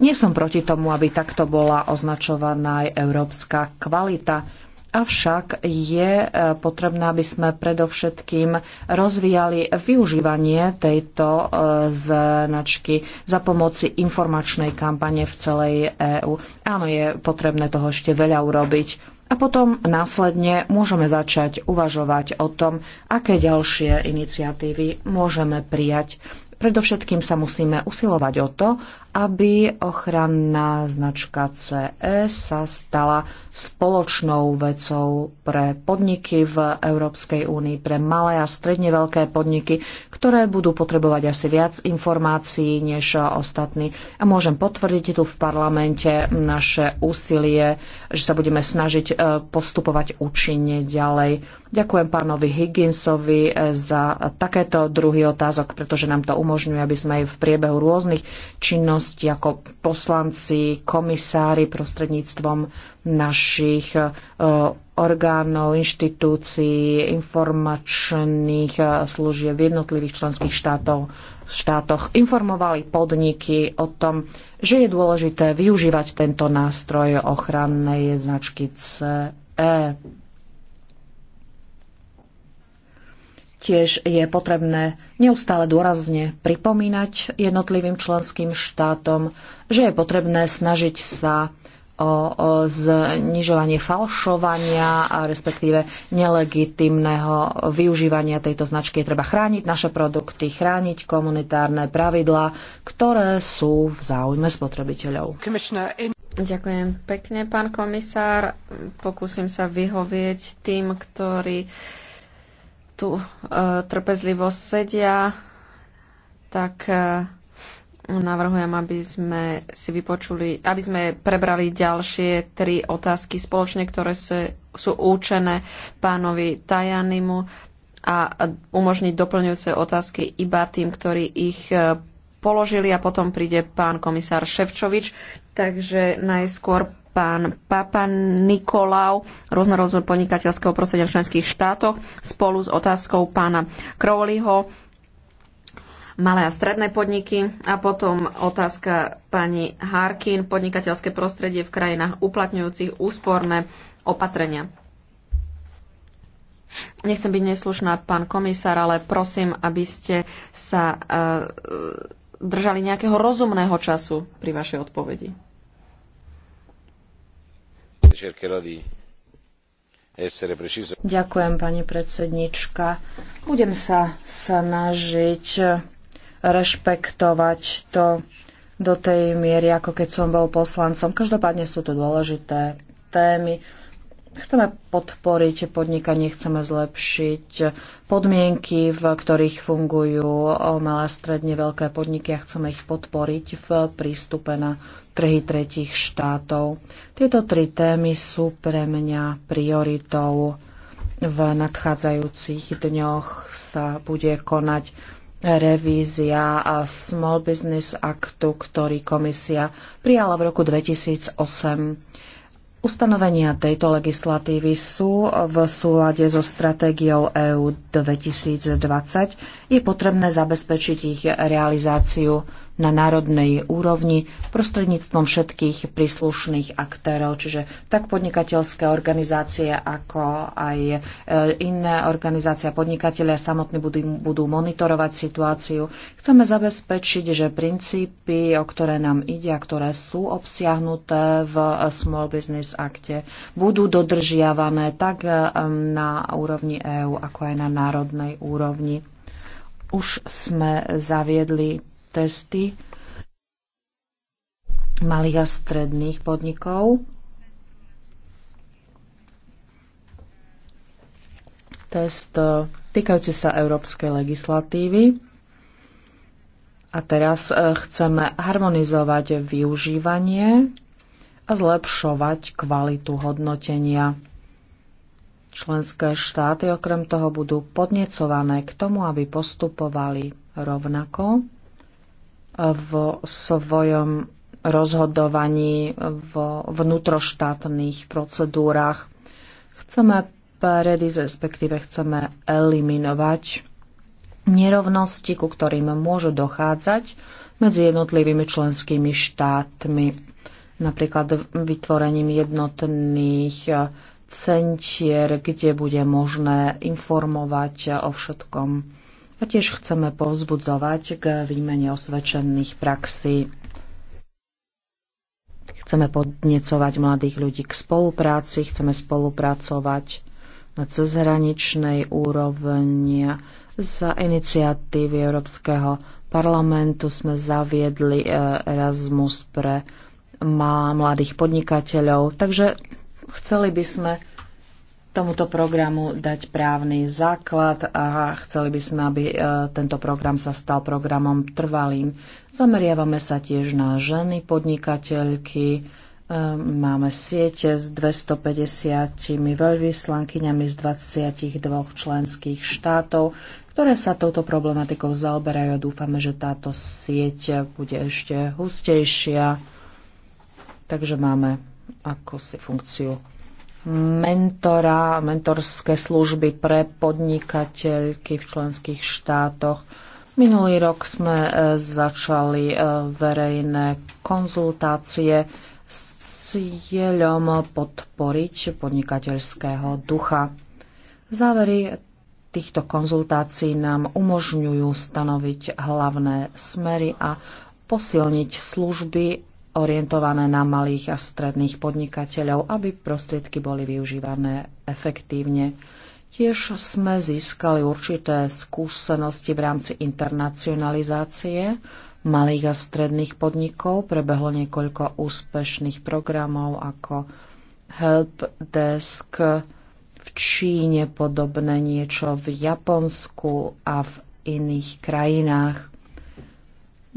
Nie som proti tomu, aby takto bola označovaná aj európska kvalita. Avšak je e, potrebné, aby sme predovšetkým rozvíjali využívanie tejto e, značky za pomoci informačnej kampane v celej EÚ. Áno, je potrebné toho ešte veľa urobiť a potom následne môžeme začať uvažovať o tom, aké ďalšie iniciatívy môžeme prijať. Predovšetkým sa musíme usilovať o to, aby ochranná značka CE sa stala spoločnou vecou pre podniky v Európskej únii, pre malé a stredne veľké podniky, ktoré budú potrebovať asi viac informácií než ostatní. A môžem potvrdiť tu v parlamente naše úsilie, že sa budeme snažiť e, postupovať účinne ďalej. Ďakujem pánovi Higginsovi e, za takéto druhy otázok, pretože nám to umožňuje, aby sme aj v priebehu rôznych činností činnosti ako poslanci, komisári prostredníctvom našich e, orgánov, inštitúcií, informačných e, služieb v jednotlivých členských štátov, štátoch informovali podniky o tom, že je dôležité využívať tento nástroj ochrannej značky CE. Taktiež je potrebné neustále dôrazne pripomínať jednotlivým členským štátom, že je potrebné snažiť sa o, o znižovanie falšovania a respektíve nelegitimného využívania tejto značky. Je treba chrániť naše produkty, chrániť komunitárne pravidlá, ktoré sú v záujme spotrebiteľov. Ďakujem pekne, pán komisár. Pokúsim sa vyhovieť tým, ktorí tu e, trpezlivo sedia, tak e, navrhujem, aby sme si vypočuli, aby sme prebrali ďalšie tri otázky spoločne, ktoré sú účené pánovi Tajanimu a umožniť doplňujúce otázky iba tým, ktorí ich e, položili a potom príde pán komisár Ševčovič. Takže najskôr pán Papan Nikolau, rôznorozor podnikateľského prostredia v členských štátoch, spolu s otázkou pána Crowleyho, malé a stredné podniky a potom otázka pani Harkin, podnikateľské prostredie v krajinách uplatňujúcich úsporné opatrenia. Nechcem byť neslušná, pán komisár, ale prosím, aby ste sa uh, držali nejakého rozumného času pri vašej odpovedi. Ďakujem, pani predsednička. Budem sa snažiť rešpektovať to do tej miery, ako keď som bol poslancom. Každopádne sú to dôležité témy. Chceme podporiť podnikanie, chceme zlepšiť podmienky, v ktorých fungujú malé a stredne veľké podniky a chceme ich podporiť v prístupe na trhy tretich štátov. Tieto tri témy sú pre mňa prioritou. V nadchádzajúcich dňoch sa bude konať revízia Small Business Actu, ktorý komisia prijala v roku 2008. Ustanovenia tejto legislatívy sú v súlade so stratégiou EU 2020. Je potrebné zabezpečiť ich realizáciu na národnej úrovni prostredníctvom všetkých príslušných aktérov, čiže tak podnikateľské organizácie, ako aj e, iné organizácia podnikatelia samotní budú, budú monitorovať situáciu. Chceme zabezpečiť, že princípy, o ktoré nám ide a ktoré sú obsiahnuté v Small Business Acte, budú dodržiavané tak e, na úrovni EÚ, ako aj na národnej úrovni. Už sme zaviedli testy malých a stredných podnikov. Test e, týkajúci sa európskej legislatívy. A teraz e, chceme harmonizovať využívanie a zlepšovať kvalitu hodnotenia. Členské štáty okrem toho budú podnecované k tomu, aby postupovali rovnako vo svojom rozhodovaní vo vnútroštátnych procedúrach. Chceme predísť, respektíve chceme eliminovať nerovnosti, ku ktorým môžu dochádzať medzi jednotlivými členskými štátmi. Napríklad vytvorením jednotných eh, centier, kde bude možné informovať o všetkom a tiež chceme povzbudzovať k výmene osvedčených praxí. Chceme podnecovať mladých ľudí k spolupráci, chceme spolupracovať na cezhraničnej úrovni. Za iniciatívy Európskeho parlamentu sme zaviedli e, Erasmus pre mladých podnikateľov. Takže chceli by sme tomuto programu dať právny základ a chceli by sme, aby e, tento program sa stal programom trvalým. Zameriavame sa tiež na ženy podnikateľky. E, máme siete s 250 veľvyslankyňami z 22 členských štátov, ktoré sa touto problematikou zaoberajú. Dúfame, že táto sieť bude ešte hustejšia. Takže máme akúsi funkciu mentora, mentorské služby pre podnikateľky v členských štátoch. Minulý rok sme e, začali e, verejné konzultácie s cieľom podporiť podnikateľského ducha. Závery týchto konzultácií nám umožňujú stanoviť hlavné smery a posilniť služby orientované na malých a stredných podnikateľov, aby prostriedky boli využívané efektívne. Tiež sme získali určité skúsenosti v rámci internacionalizácie malých a stredných podnikov. Prebehlo niekoľko úspešných programov ako Help Desk v Číne, podobné niečo v Japonsku a v iných krajinách.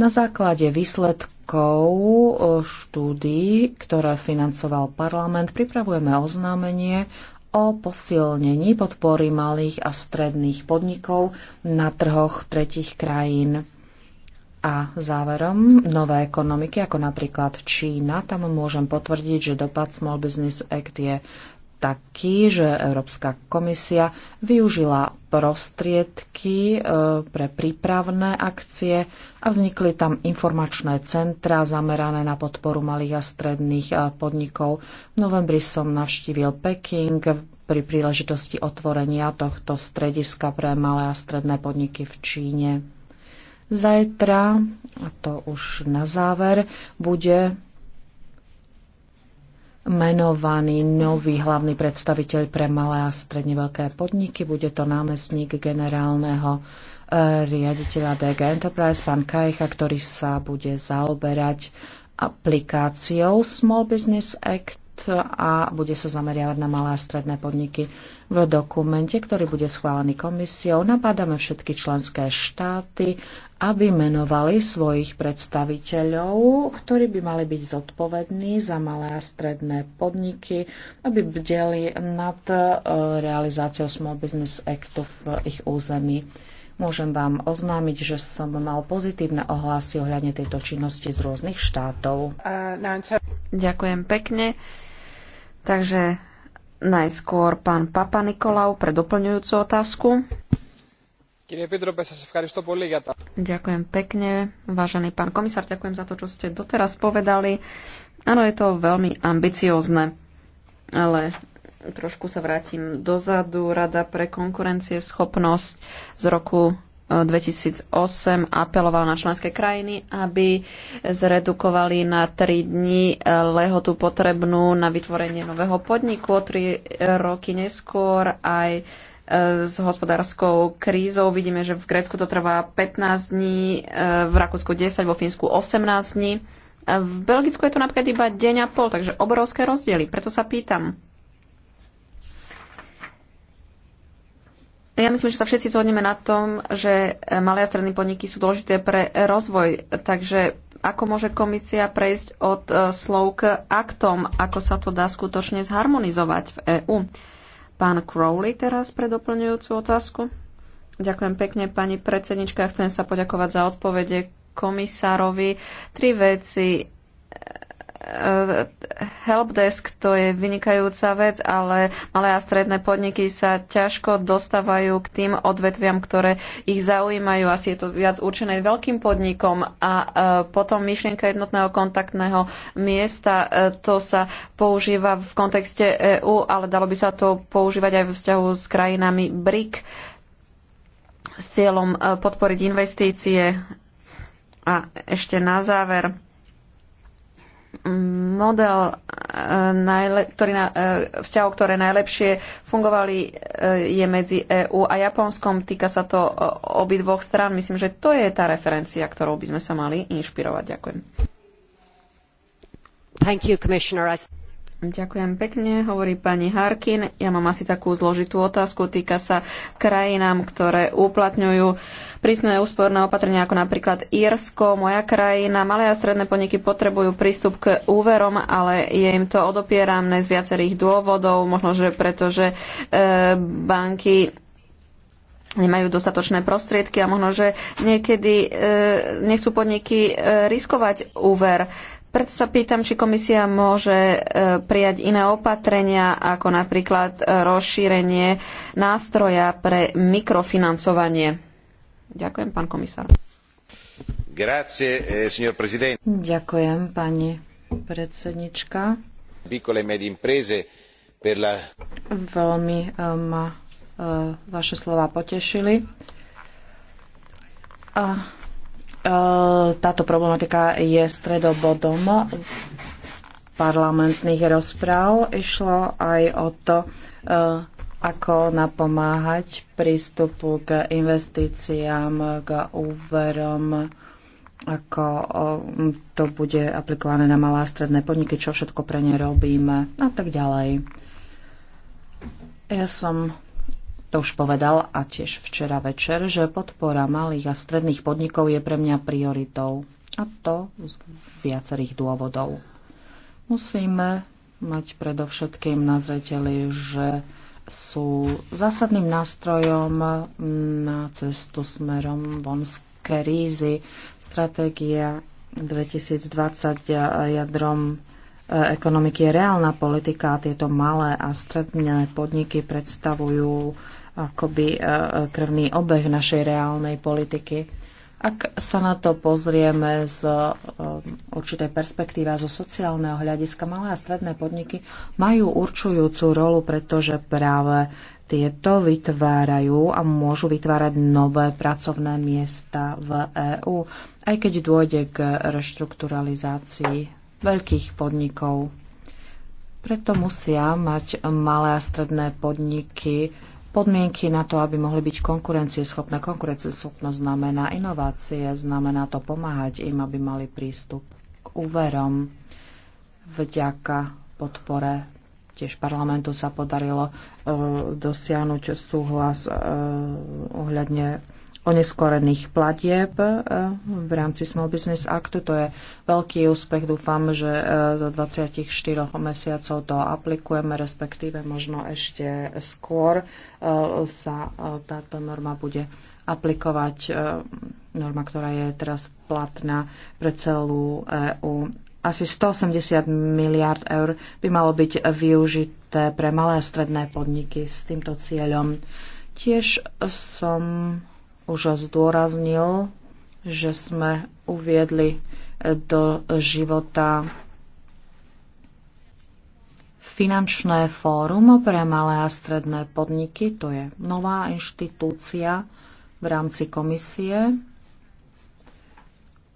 Na základe výsledkov výsledkov štúdií, ktoré financoval parlament, pripravujeme oznámenie o posilnení podpory malých a stredných podnikov na trhoch tretich krajín. A záverom, nové ekonomiky, ako napríklad Čína, tam môžem potvrdiť, že dopad Small Business Act je taký, že Európska komisia využila prostriedky e, pre prípravné akcie a vznikli tam informačné centra zamerané na podporu malých a stredných e, podnikov. V novembri som navštívil Peking pri príležitosti otvorenia tohto strediska pre malé a stredné podniky v Číne. Zajtra, a to už na záver, bude menovaný nový hlavný predstaviteľ pre malé a stredne veľké podniky. Bude to námestník generálneho e, riaditeľa DG Enterprise, pán Kajcha, ktorý sa bude zaoberať aplikáciou Small Business Act a bude sa zameriavať na malé a stredné podniky. V dokumente, ktorý bude schválený komisiou, napádame všetky členské štáty, aby menovali svojich predstaviteľov, ktorí by mali byť zodpovední za malé a stredné podniky, aby bdeli nad e, realizáciou Small Business Actu v ich území. Môžem vám oznámiť, že som mal pozitívne ohlasy ohľadne tejto činnosti z rôznych štátov. Ďakujem pekne. Takže najskôr pán Papa Nikolau pre doplňujúcu otázku. Ďakujem pekne, vážený pán komisár, ďakujem za to, čo ste doteraz povedali. Áno, je to veľmi ambiciozne, ale trošku sa vrátim dozadu. Rada pre schopnosť z roku 2008 apeloval na členské krajiny, aby zredukovali na 3 dní eh, lehotu potrebnú na vytvorenie nového podniku. O 3 eh, roky neskôr aj eh, s hospodárskou krízou. Vidíme, že v Grécku to trvá 15 dní, v Rakúsku 10, vo Fínsku 18 dní. V Belgicku je to napríklad iba deň a pol, takže obrovské rozdiely. Preto sa pýtam, Ja myslím, že sa všetci zhodneme na tom, že e, malé a stredné podniky sú dôležité pre rozvoj. Takže ako môže komisia prejsť od e, slov k aktom? Ako sa to dá skutočne zharmonizovať v EÚ? Pán Crowley teraz pre doplňujúcu otázku. Ďakujem pekne, pani predsednička. Chcem sa poďakovať za odpovede komisárovi. Tri veci helpdesk to je vynikajúca vec, ale malé a stredné podniky sa ťažko dostávajú k tým odvetviam, ktoré ich zaujímajú. Asi je to viac určené veľkým podnikom a e, potom myšlienka jednotného kontaktného miesta, e, to sa používa v kontexte EÚ, ale dalo by sa to používať aj v vzťahu s krajinami BRIC s cieľom e, podporiť investície. A ešte na záver model, e, ktorý na, e, vzťahov, ktoré najlepšie fungovali, e, je medzi EÚ a Japonskom. Týka sa to dvoch strán. Myslím, že to je tá referencia, ktorou by sme sa mali inšpirovať. Ďakujem. Thank you, Commissioner. Ďakujem pekne, hovorí pani Harkin. Ja mám asi takú zložitú otázku. Týka sa krajinám, ktoré uplatňujú prísne úsporné opatrenia, ako napríklad Írsko, moja krajina. Malé a stredné podniky potrebujú prístup k úverom, ale je im to odopieramné z viacerých dôvodov, možno, že preto, že e, banky nemajú dostatočné prostriedky a možno, že niekedy e, nechcú podniky e, riskovať úver. E, preto sa pýtam, či komisia môže e, prijať iné opatrenia, ako napríklad e, rozšírenie nástroja pre mikrofinancovanie. Ďakujem, pán komisár. Grazie, e, signor Ďakujem, pani predsednička. Piccole medie imprese per la... Veľmi ma vaše slova potešili. A Eh, táto problematika je stredobodom parlamentných rozpráv. Išlo aj o to, eh, ako napomáhať prístupu k investíciám, k úverom, ako eh, to bude aplikované na malé a stredné podniky, čo všetko pre ne robíme a tak ďalej. Ja som to už povedal a tiež včera večer, že podpora malých a stredných podnikov je pre mňa prioritou. A to z viacerých dôvodov. Musíme mať predovšetkým na zreteli, že sú zásadným nástrojom na cestu smerom von z krízy. Stratégia 2020 jadrom e, ekonomiky je reálna politika a tieto malé a stredné podniky predstavujú akoby e, e, krvný obeh našej reálnej politiky. Ak sa na to pozrieme z e, určitej a zo sociálneho hľadiska, malé a stredné podniky majú určujúcu rolu, pretože práve tieto vytvárajú a môžu vytvárať nové pracovné miesta v EÚ, aj keď dôjde k reštrukturalizácii veľkých podnikov. Preto musia mať malé a stredné podniky podmienky na to, aby mohli byť konkurencieschopné. Konkurencieschopnosť znamená inovácie, znamená to pomáhať im, aby mali prístup k úverom. Vďaka podpore tiež parlamentu sa podarilo e, dosiahnuť súhlas e, ohľadne oneskorených platieb e, v rámci Small Business Actu. To je veľký úspech. Dúfam, že e, do 24 mesiacov to aplikujeme, respektíve možno ešte skôr e, sa táto norma bude aplikovať. Norma, ktorá je teraz platná pre celú EÚ. Asi 180 miliard eur by malo byť využité pre malé a stredné podniky s týmto cieľom. Tiež som už zdôraznil, že sme uviedli do života finančné fórum pre malé a stredné podniky. To je nová inštitúcia v rámci komisie.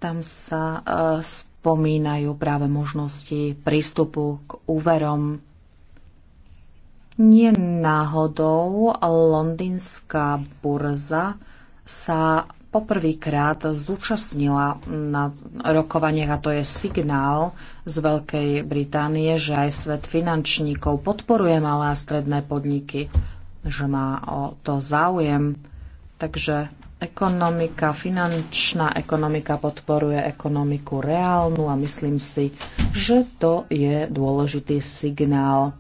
Tam sa e, spomínajú práve možnosti prístupu k úverom nie náhodou londýnska burza sa poprvýkrát zúčastnila na rokovaniach a to je signál z Veľkej Británie, že aj svet finančníkov podporuje malé a stredné podniky, že má o to záujem. Takže ekonomika, finančná ekonomika podporuje ekonomiku reálnu a myslím si, že to je dôležitý signál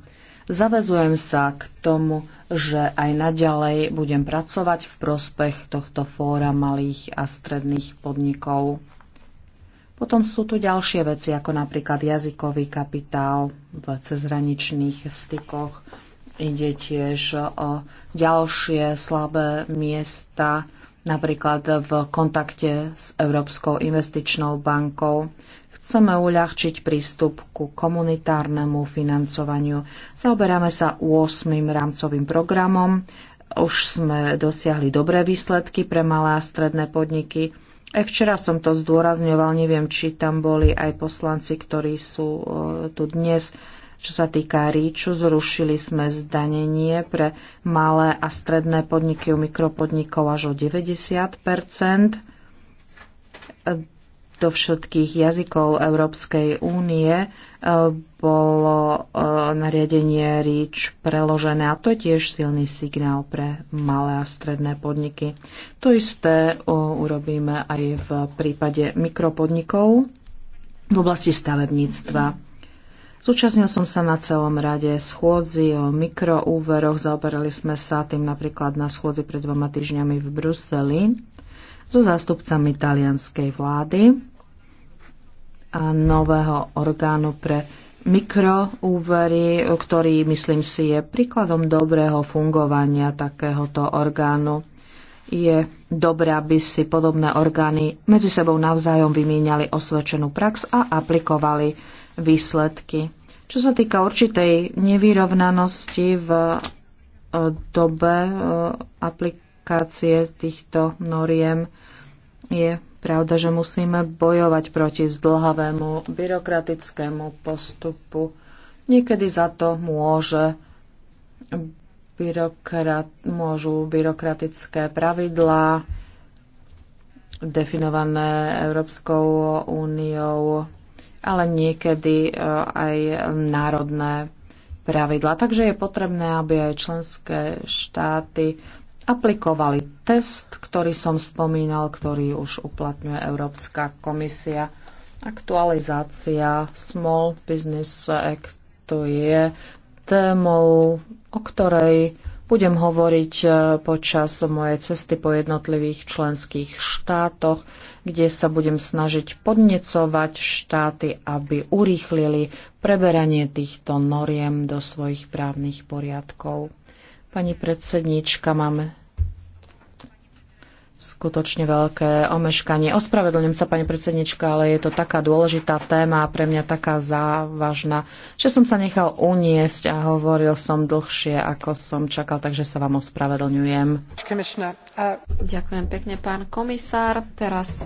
Zavezujem sa k tomu, že aj naďalej budem pracovať v prospech tohto fóra malých a stredných podnikov. Potom sú tu ďalšie veci, ako napríklad jazykový kapitál v cezhraničných stykoch. Ide tiež o ďalšie slabé miesta, napríklad v kontakte s Európskou investičnou bankou. Chceme uľahčiť prístup ku komunitárnemu financovaniu. Zaoberáme sa 8. rámcovým programom. Už sme dosiahli dobré výsledky pre malé a stredné podniky. Aj včera som to zdôrazňoval, neviem, či tam boli aj poslanci, ktorí sú e, tu dnes. Čo sa týka ríču, zrušili sme zdanenie pre malé a stredné podniky u mikropodnikov až o 90 do všetkých jazykov Európskej únie e, bolo e, nariadenie REACH preložené a to je tiež silný signál pre malé a stredné podniky. To isté e, urobíme aj v prípade mikropodnikov v oblasti stavebníctva. Zúčastnil som sa na celom rade schôdzi o mikroúveroch. Zaoberali sme sa tým napríklad na schôdzi pred dvoma týždňami v Bruseli so zástupcami talianskej vlády a nového orgánu pre mikroúvery, ktorý, myslím si, je príkladom dobrého fungovania takéhoto orgánu. Je dobré, aby si podobné orgány medzi sebou navzájom vymieniali osvedčenú prax a aplikovali výsledky. Čo sa týka určitej nevyrovnanosti v eh, dobe eh, aplik- aplikácie týchto noriem. Je pravda, že musíme bojovať proti zdlhavému byrokratickému postupu. Niekedy za to môže byrokrat, môžu byrokratické pravidlá definované Európskou úniou, ale niekedy e, aj národné pravidla. Takže je potrebné, aby aj členské štáty aplikovali test, ktorý som spomínal, ktorý už uplatňuje Európska komisia. Aktualizácia Small Business Act to je témou, o ktorej budem hovoriť eh, počas mojej cesty po jednotlivých členských štátoch, kde sa budem snažiť podnecovať štáty, aby urýchlili preberanie týchto noriem do svojich právnych poriadkov. Pani predsedníčka, máme skutočne veľké omeškanie. Ospravedlňujem sa, pani predsednička, ale je to taká dôležitá téma a pre mňa taká závažná, že som sa nechal uniesť a hovoril som dlhšie, ako som čakal, takže sa vám ospravedlňujem. Ďakujem pekne, pán komisár. Teraz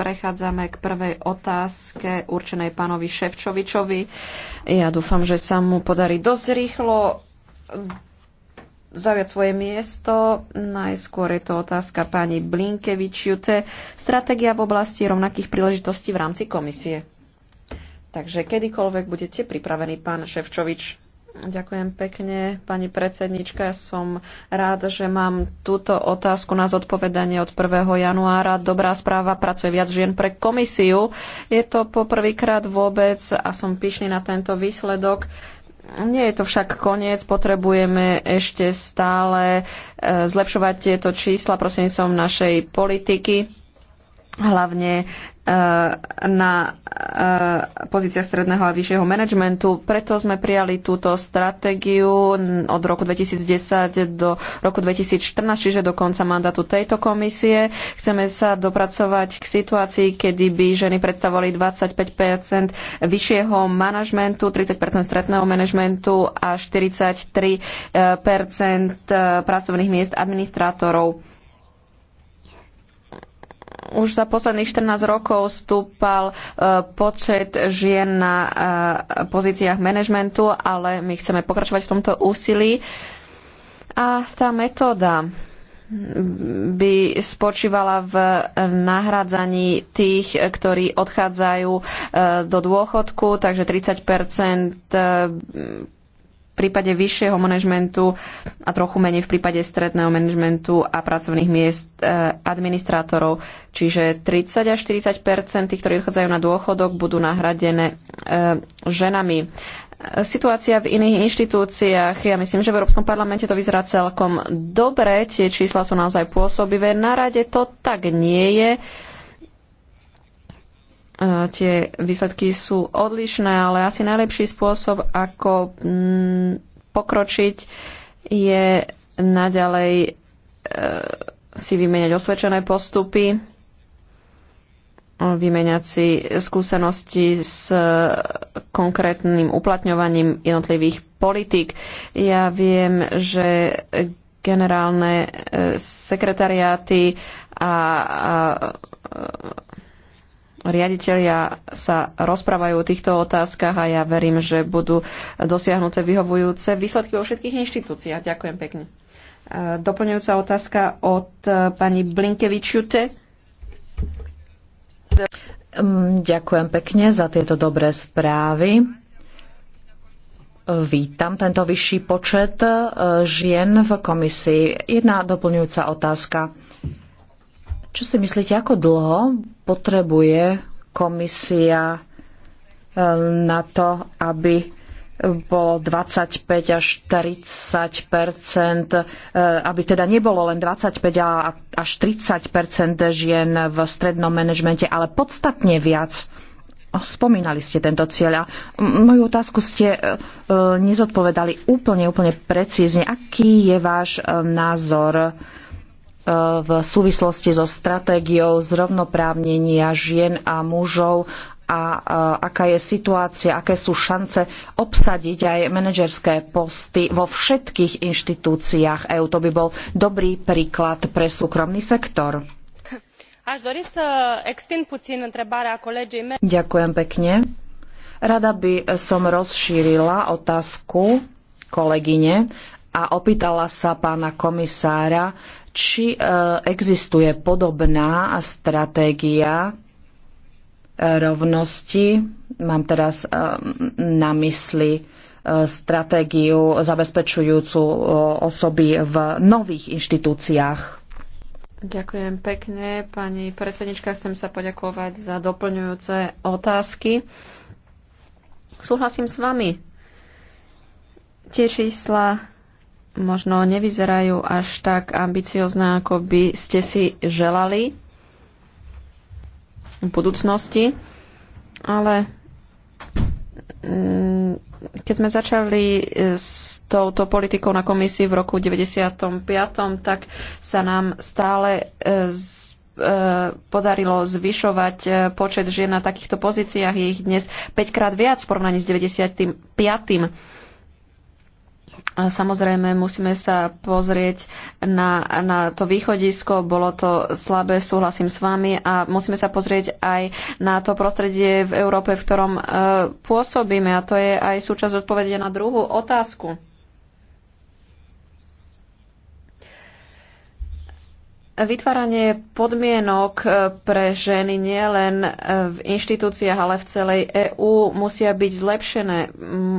prechádzame k prvej otázke určenej pánovi Ševčovičovi. Ja dúfam, že sa mu podarí dosť rýchlo zaujať svoje miesto. Najskôr je to otázka pani Blinkevičiute. Stratégia v oblasti rovnakých príležitostí v rámci komisie. Takže kedykoľvek budete pripravení, pán Ševčovič. Ďakujem pekne, pani predsednička. Ja som rád, že mám túto otázku na zodpovedanie od 1. januára. Dobrá správa, pracuje viac žien pre komisiu. Je to poprvýkrát vôbec a som pyšný na tento výsledok. Nie je to však koniec, potrebujeme ešte stále e, zlepšovať tieto čísla prostredníctvom našej politiky hlavne e, na e, pozíciách stredného a vyššieho manažmentu. Preto sme prijali túto stratégiu od roku 2010 do roku 2014, čiže do konca mandátu tejto komisie. Chceme sa dopracovať k situácii, kedy by ženy predstavovali 25 vyššieho manažmentu, 30 stredného manažmentu a 43 e, pracovných miest administrátorov už za posledných 14 rokov stúpal e, počet žien na e, pozíciách manažmentu, ale my chceme pokračovať v tomto úsilí. A tá metóda by spočívala v nahradzaní tých, ktorí odchádzajú e, do dôchodku, takže 30 prípade vyššieho manažmentu a trochu menej v prípade stredného manažmentu a pracovných miest e, administrátorov. Čiže 30 až 40 tých, ktorí odchádzajú na dôchodok, budú nahradené e, ženami. Situácia v iných inštitúciách, ja myslím, že v Európskom parlamente to vyzerá celkom dobre, tie čísla sú naozaj pôsobivé. Na rade to tak nie je. E, tie výsledky sú odlišné, ale asi najlepší spôsob, ako mm, pokročiť, je naďalej e, si vymeniať osvedčené postupy, vymeniať si skúsenosti s e, konkrétnym uplatňovaním jednotlivých politík. Ja viem, že generálne sekretariáty a, a riaditeľia sa rozprávajú o týchto otázkach a ja verím, že budú dosiahnuté vyhovujúce výsledky vo všetkých inštitúciách. Ďakujem pekne. E, doplňujúca otázka od e, pani Blinkevičiute. Mm, ďakujem pekne za tieto dobré správy. Vítam tento vyšší počet e, žien v komisii. Jedna doplňujúca otázka. Čo si myslíte, ako dlho potrebuje komisia eh, na to, aby bolo 25 až 30 eh, aby teda nebolo len 25 až 30 žien v strednom manažmente, ale podstatne viac. Spomínali ste tento cieľ a moju otázku ste eh, nezodpovedali úplne, úplne precízne. Aký je váš názor? v súvislosti so stratégiou zrovnoprávnenia žien a mužov a aká je situácia, aké sú šance obsadiť aj manažerské posty vo všetkých inštitúciách EÚ. To by bol dobrý príklad pre súkromný sektor. Ďakujem pekne. Rada by som rozšírila otázku kolegyne a opýtala sa pána komisára, či e, existuje podobná stratégia e, rovnosti. Mám teraz e, na mysli stratégiu zabezpečujúcu osoby v nových inštitúciách. Ďakujem pekne, pani predsednička. Chcem sa poďakovať za doplňujúce otázky. Súhlasím s vami. Tie čísla možno nevyzerajú až tak ambiciozne, ako by ste si želali v budúcnosti. Ale mm, keď sme začali e, s touto politikou na komisii v roku 1995. tak sa nám stále e, e, podarilo zvyšovať počet žien na takýchto pozíciách. Je ich dnes 5 krát viac v porovnaní s 1995. Samozrejme, musíme sa pozrieť na, na to východisko, bolo to slabé, súhlasím s vami a musíme sa pozrieť aj na to prostredie v Európe, v ktorom e, pôsobíme a to je aj súčasť odpovede na druhú otázku. Vytváranie podmienok e, pre ženy nielen e, v inštitúciách, ale v celej EÚ musia byť zlepšené.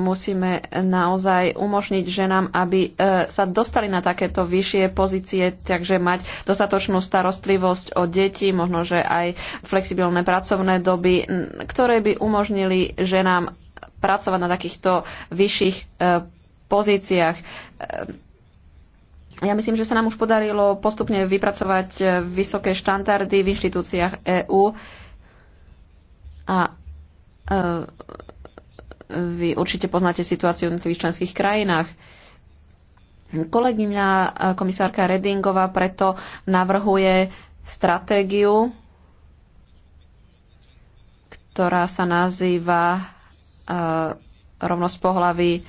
Musíme naozaj umožniť ženám, aby e, sa dostali na takéto vyššie pozície, takže mať dostatočnú starostlivosť o deti, možno že aj flexibilné pracovné doby, ktoré by umožnili ženám pracovať na takýchto vyšších pozíciách ja myslím, že sa nám už podarilo postupne vypracovať e, vysoké štandardy v inštitúciách EÚ a e, vy určite poznáte situáciu v tých členských krajinách. Kolegyňa e, komisárka Redingová preto navrhuje stratégiu, ktorá sa nazýva rovnosť pohlaví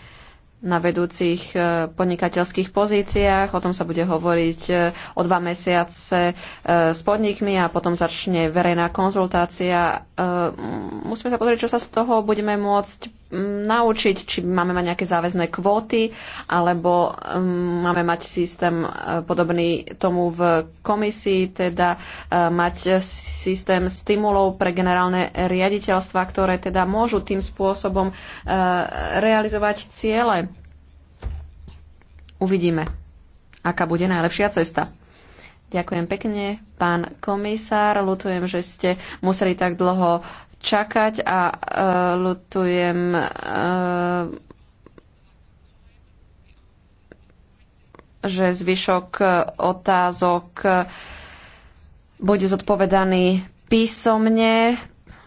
na vedúcich e, podnikateľských pozíciách. O tom sa bude hovoriť e, o dva mesiace e, s podnikmi a potom začne verejná konzultácia. Musíme sa pozrieť, čo sa z toho budeme môcť naučiť, či máme mať nejaké záväzné kvóty, alebo máme mať systém podobný tomu v komisii, teda mať systém stimulov pre generálne riaditeľstva, ktoré teda môžu tým spôsobom realizovať ciele Uvidíme, aká bude najlepšia cesta. Ďakujem pekne, pán komisár. Lutujem, že ste museli tak dlho čakať a uh, lutujem. Uh, že zvyšok otázok bude zodpovedaný písomne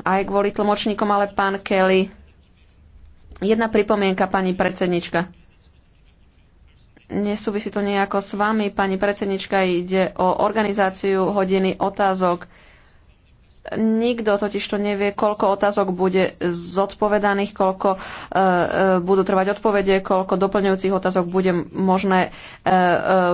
aj kvôli tlmočníkom, ale pán Kelly. Jedna pripomienka, pani predsednička nesúvisí to nejako s vami, pani predsednička, ide o organizáciu hodiny otázok. Nikto totiž to nevie, koľko otázok bude zodpovedaných, koľko e, e, budú trvať odpovede, koľko doplňujúcich otázok bude možné e, e,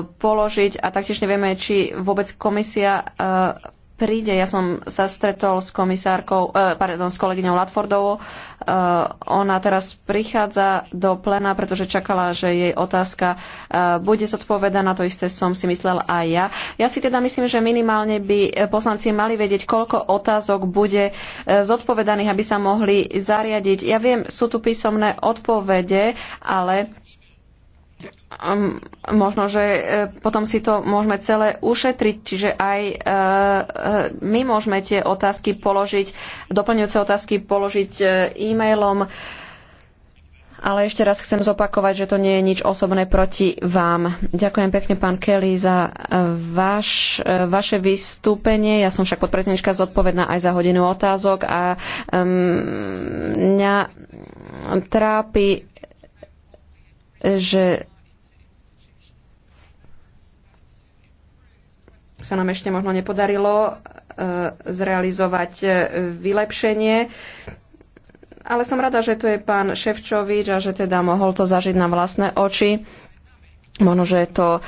položiť a taktiež nevieme, či vôbec komisia e, príde. Ja som sa stretol s komisárkou, eh, pardon, s kolegyňou Latfordovou. Eh, ona teraz prichádza do plena, pretože čakala, že jej otázka eh, bude zodpovedaná. To isté som si myslel aj ja. Ja si teda myslím, že minimálne by poslanci mali vedieť, koľko otázok bude eh, zodpovedaných, aby sa mohli zariadiť. Ja viem, sú tu písomné odpovede, ale možno, že e, potom si to môžeme celé ušetriť, čiže aj e, e, my môžeme tie otázky položiť, doplňujúce otázky položiť e-mailom. Ale ešte raz chcem zopakovať, že to nie je nič osobné proti vám. Ďakujem pekne, pán Kelly, za vaš, vaše vystúpenie. Ja som však podpredsednička zodpovedná aj za hodinu otázok a um, mňa trápi, že sa nám ešte možno nepodarilo e, zrealizovať e, vylepšenie. Ale som rada, že tu je pán Ševčovič a že teda mohol to zažiť na vlastné oči. Možno, že to e,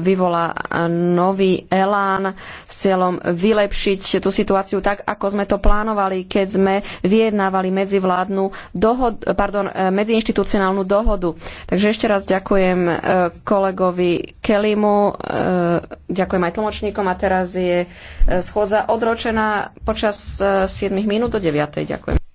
vyvolá nový elán s cieľom vylepšiť tú situáciu tak, ako sme to plánovali, keď sme vyjednávali medzivládnu dohod, pardon, e, medziinštitucionálnu dohodu. Takže ešte raz ďakujem e, kolegovi Kelimu, ďakujem aj tlmočníkom a teraz je schôdza odročená počas 7 minút do 9. Ďakujem.